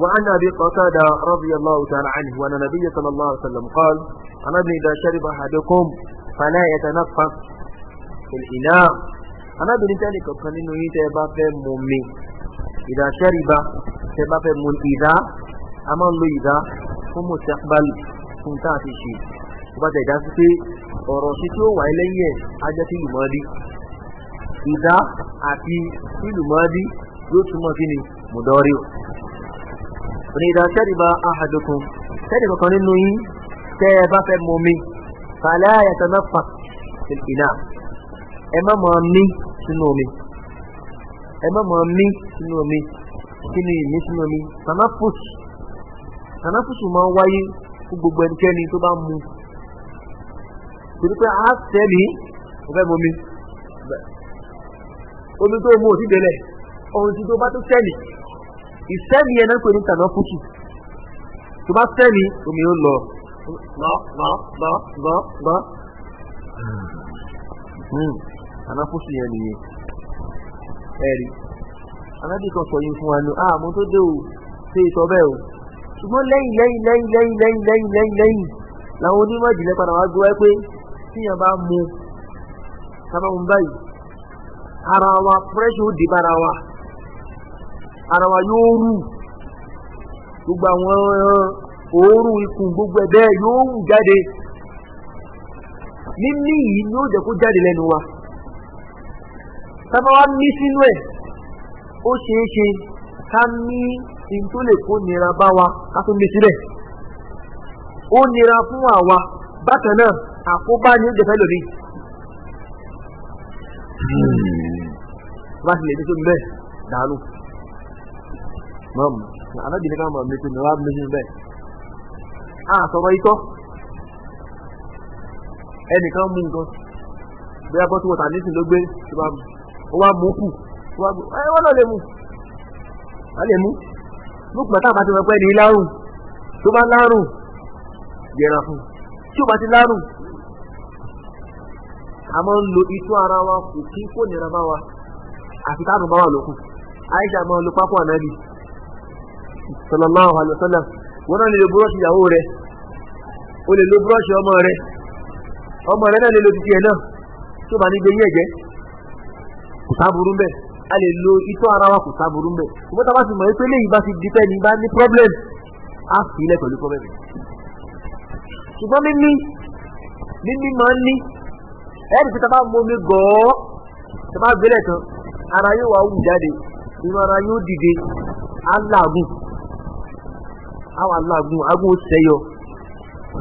وعن أبي قتادة رضي الله تعالى عنه وأن النبي صلى الله عليه وسلم قال أنا ابن إذا شرب أحدكم فلا يتنفس في الإناء أنا ابن ذلك كان إنه يتبع في ممي إذا شرب تبع في من إذا أما الله إذا fún mọ̀síàpàlì fún tá a ti ṣe ó bá tẹ̀dá sí pé ọ̀rọ̀ sí tí ó wà rìdà tẹ́rìbà ahadukum tẹ́rìbà kan nínú yín tẹ́ ẹ bá fẹ́ mọ mi fàlẹ́ àyàtọ̀ náà fà ìlà ẹ má mọ mí sínú omi ẹ má mọ mí sínú omi kí ni ìmí sínú omi tànáfùsù tànáfùsù máa ń wáyé fún gbogbo ẹnikẹ́ni tó bá mu torí pé a mo fẹ́ mọ mi omi tó mu ò délẹ̀ ohun tí tó bá tó tẹ́lẹ̀ ìsẹ́mi yẹn náà pè ní tànà fútù tó bá sẹ́mi omi ó lọ lọ lọ lọ lọ lọ hmm. tànà fútù yẹn nìyẹn ẹ̀rí anábì kan sọ yìí fún wa ní àmọ́ tó dé o ṣe ìtọ́ bẹ́ẹ̀ o ṣùgbọ́n lẹ́yìn lẹ́yìn lẹ́yìn lẹ́yìn lẹ́yìn lẹ́yìn lẹ́yìn lẹ́yìn làwọn onímọ̀ ìjìnlẹ̀ padà wá gbé wáyé pé tíyàn bá mu tábà mu báyìí ara wa pẹ́rẹ́ṣù ó dì bára wa. ara wa yóò rù gbogbo àwọn òórùn eh, ikùn gbogbo ẹ̀ bẹ́ẹ̀ yóò wù jáde mímí yìí ni ó jẹ́ kó jáde lẹ́nu wa tábà wá mí sínú ẹ̀ ó ṣeé ṣe ká mí in tó lè kó nira bá wa ká tó mí sílẹ̀ ó nira fún àwa bákan náà àkóbá ni hmm. bá ní mọ́mù anábìlẹ̀ ká máa mẹ́tò náà wá mẹ́tò bẹ́ẹ̀ a sọ̀rọ̀ itọ́ ẹnìkan mú nǹkan bí a bọ́ sí wọ́tà nísìn ló gbé tó bá ó wá mú kù ó wá mú ẹ wọ́n náà lè mú wọ́n lè mú mú pàtó àbá ti pẹ́ ní lárùn tó bá lárùn yẹra fún tí ó bá ti lárùn a máa ń lo itọ́ ara wa kò kí kò nira bá wa àfi táàbù bá wà lókun àìsàn máa ń lo pápá ànábì sallallahu alayhi wa sallam wọn náà lè lo búrọ́ọ̀ṣì ìyàwó rẹ o lè lo búrọ́ọ̀ṣì ọmọ rẹ ọmọ rẹ náà lè lo títí ẹ náà tó bá ní gbé yín ẹ̀jẹ̀ kò sáburú mbẹ a lè lo itọ́ ara wa kò sáburú mbẹ ṣùgbọ́n tá a bá ti mọ̀ pé léyìí bá ti di pẹ́ ní bá ní problem á fi ilẹ̀ pẹ̀lú problem ṣùgbọ́n mímí mímí máa ń ní ẹ̀rí tí tábà mú omi gọ̀ọ́ tábà gbélé tán ara yóò wá wù jáde inú yóò dìde á làágùn àwọn lagun agun ó sẹ́yọ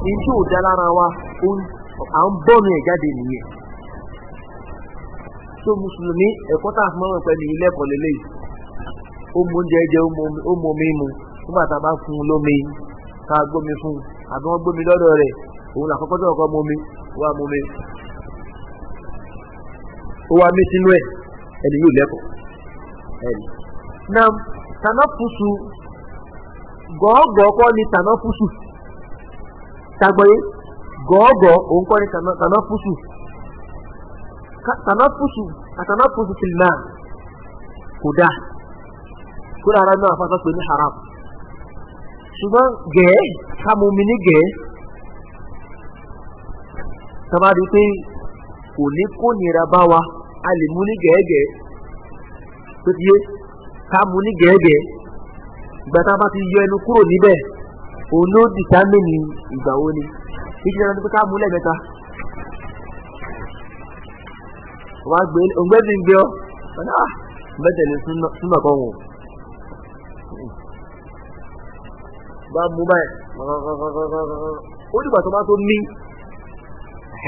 ní tí ò dá lára wa à ń bọ́nu ẹ̀ jáde nìyẹn tó mùsùlùmí ẹ̀kọ́ tá a fi mọ́ràn pẹ̀lú ilé ẹ̀kọ́ lélẹ́yìí ó mú oúnjẹ jẹ ó mú omi mu nígbà tá a bá fún un lómi tá a gbómi fún un àbí wọ́n gbómi lọ́dọ̀ rẹ̀ òun làkọ́kọ́ tó ọkọ mọ́mi wà mọ́mi ó wá mí sínú ẹ̀ ẹni yóò lẹ́kọ̀ọ́ ẹ̀rí. na tanafusu gọ́ọ̀gọ́ kọ́ ni tàná fúsù tagbọ́yé gọ́ọ̀gọ́ òun kọ́ ni tàná fúsù tàná fúsù àtàná fúsù ti nà kò dáa kó dára náà fásitì pé ní haram ṣùgbọ́n gẹ̀ẹ́ kàmùmí ní gẹ̀ẹ́ tàbí pé kò ní kó nira bá wa a lè mú ní gẹ̀ẹ́gẹ̀ẹ́ tó ti yé ká gẹ̀ẹ́gẹ̀ẹ́ ìgbà tá a bá ti yọ ẹnu kúrò níbẹ̀ òun ló dìtámìnì ìgbà wo ni títí náà ní pé ká mú lẹ́ẹ̀mẹ́ta òǹgbẹ́bí ń gbé ọ ah, mẹ́tẹ̀lẹ́ súnmọ̀ kan wò bá mú báyìí ó dìgbà tó bá tó ní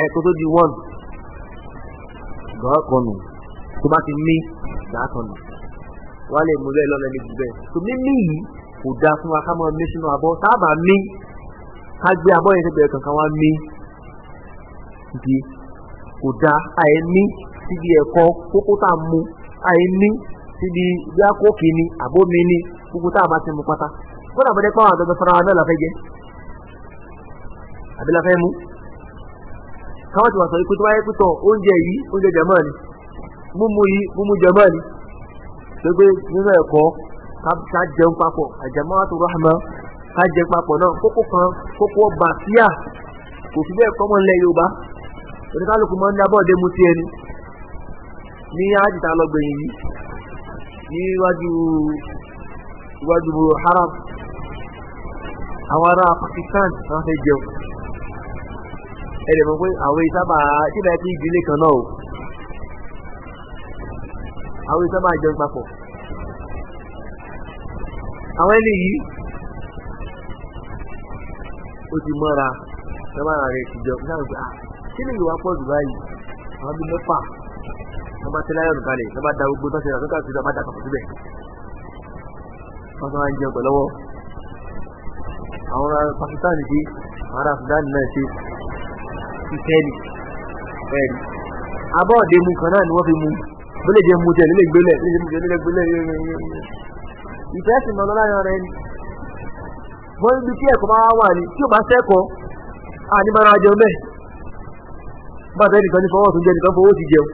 ẹ̀ tó tó di one gbọ́ kan nù tó bá ti ní gbà kan nù wọ́n á lè mú bẹ́ẹ̀ lọ́nà méjì bẹ́ẹ̀ tó mímí yìí kò dáa fún wa ká máa mí sínú abọ́ tá a máa mí ká gbé abọ́ yẹn síbẹ̀ kankan wá mí di kò dáa àìní síbi ẹ̀kọ́ kókó tá a mú àìní síbi bíi akókè ni àbómi ni kókó tá a máa ti mú pátá kódà bọ́dẹ pé àwọn àgbẹ̀gbẹ̀ fara náà làfẹ́ jẹ àbí làfẹ́ mú káwọn ti wà sọ ikú tó wáyé pé tọ̀ oúnjẹ yìí oúnjẹ jẹ̀mọ́ ni múmu yìí múmu jẹ̀mọ́ ni gbégbé nínú ẹ̀kọ́ ká jẹun papọ̀ àjẹmọ́wàtò rahma ká jẹun papọ̀ náà kókó kan kókó ọba síà kò fi bẹ́ẹ̀ kọ́mọ ńlẹ̀ yorùbá oníkálukú máa ń dábọ̀ dé mu tiẹ̀ ni ní àjìtá lọ́gbẹ̀yìn yìí níwájú iwájú haram àwọn ará Pakistan wọn fẹ́ jẹun ẹ̀rẹ̀ mọ̀ pé àwọn ìsábà síbẹ̀ tí ìdílé kan náà o àwọn ìṣe máa jẹun papọ̀ àwọn ẹni yìí ó ti mọ́ra lọ́mọ́ra rẹ̀ ti jọ náà gbà kí ni ìwà pọ̀ jù báyìí àwọn bíi mẹ́fà wọ́n bá tẹ́lẹ̀ ayọ̀nù kalẹ̀ wọ́n bá da gbogbo tó ṣe àwọn tó ṣe wọ́n bá da papọ̀ síbẹ̀ wọ́n tó máa ń jẹun pẹ̀lú ọwọ́ àwọn ará Pakistan ṣe àwọn ará Sudan náà ṣe ti tẹ́lì ẹ̀rí abọ́ọ̀dé kan náà ni wọ́n fi mu bó lè jẹ́ mu tẹ̀ nílé gbélẹ̀ nílé mu tẹ̀ nílé gbélẹ̀ ìfẹ́ sì mọ̀ lọ́la yàrá ẹni. wọ́n ibi tí ẹ̀kọ́ máa wà ní tí o bá sẹ́kọ̀ọ́ àní máa ra jẹun bẹ́ẹ̀. bàtà ẹnìkan ní fọwọ́ tún jẹ nìkan fọwọ́ ti jẹun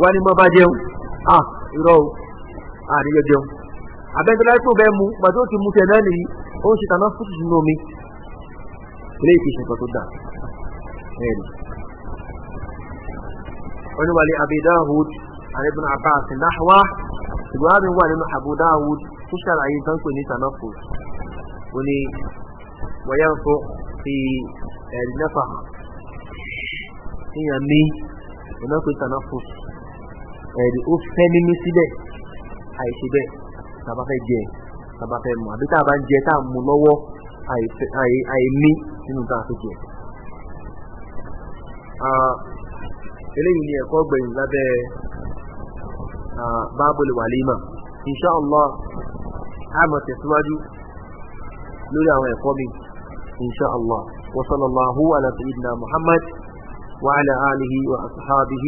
wá ní máa bá jẹun à irọ́ o àníyàn jẹun. àbẹ́ntẹ́lá tó bẹ́ẹ̀ mu gbàtí ó ti mu tẹ̀ náà nìyí ó ń ṣe tàná fútù sínú omi. ilé ìkìsìn kan tó dà ẹ̀rì. wọ́n ní wàlẹ̀ Abi Dawud عن ابن عباس نحوه سبحان هو لما أبو داود تشرع أيضا كن تنفس وني وينفق في النفخ هي مي ونفق تنفس ó fẹ́ mímí síbẹ̀ àìṣe bẹ́ẹ̀ tàbá fẹ́ jẹ tàbá fẹ́ mu àbí tàbá ń jẹ tá a mú lọ́wọ́ àìmí nínú tá a fi jẹ. eléyìí ni ẹ̀kọ́ gbẹ̀yìn lábẹ́ باب الوليمة إن شاء الله عمر تسواجي لولا ويقومي إن شاء الله وصلى الله على سيدنا محمد وعلى آله وأصحابه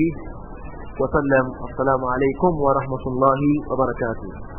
وسلم السلام عليكم ورحمة الله وبركاته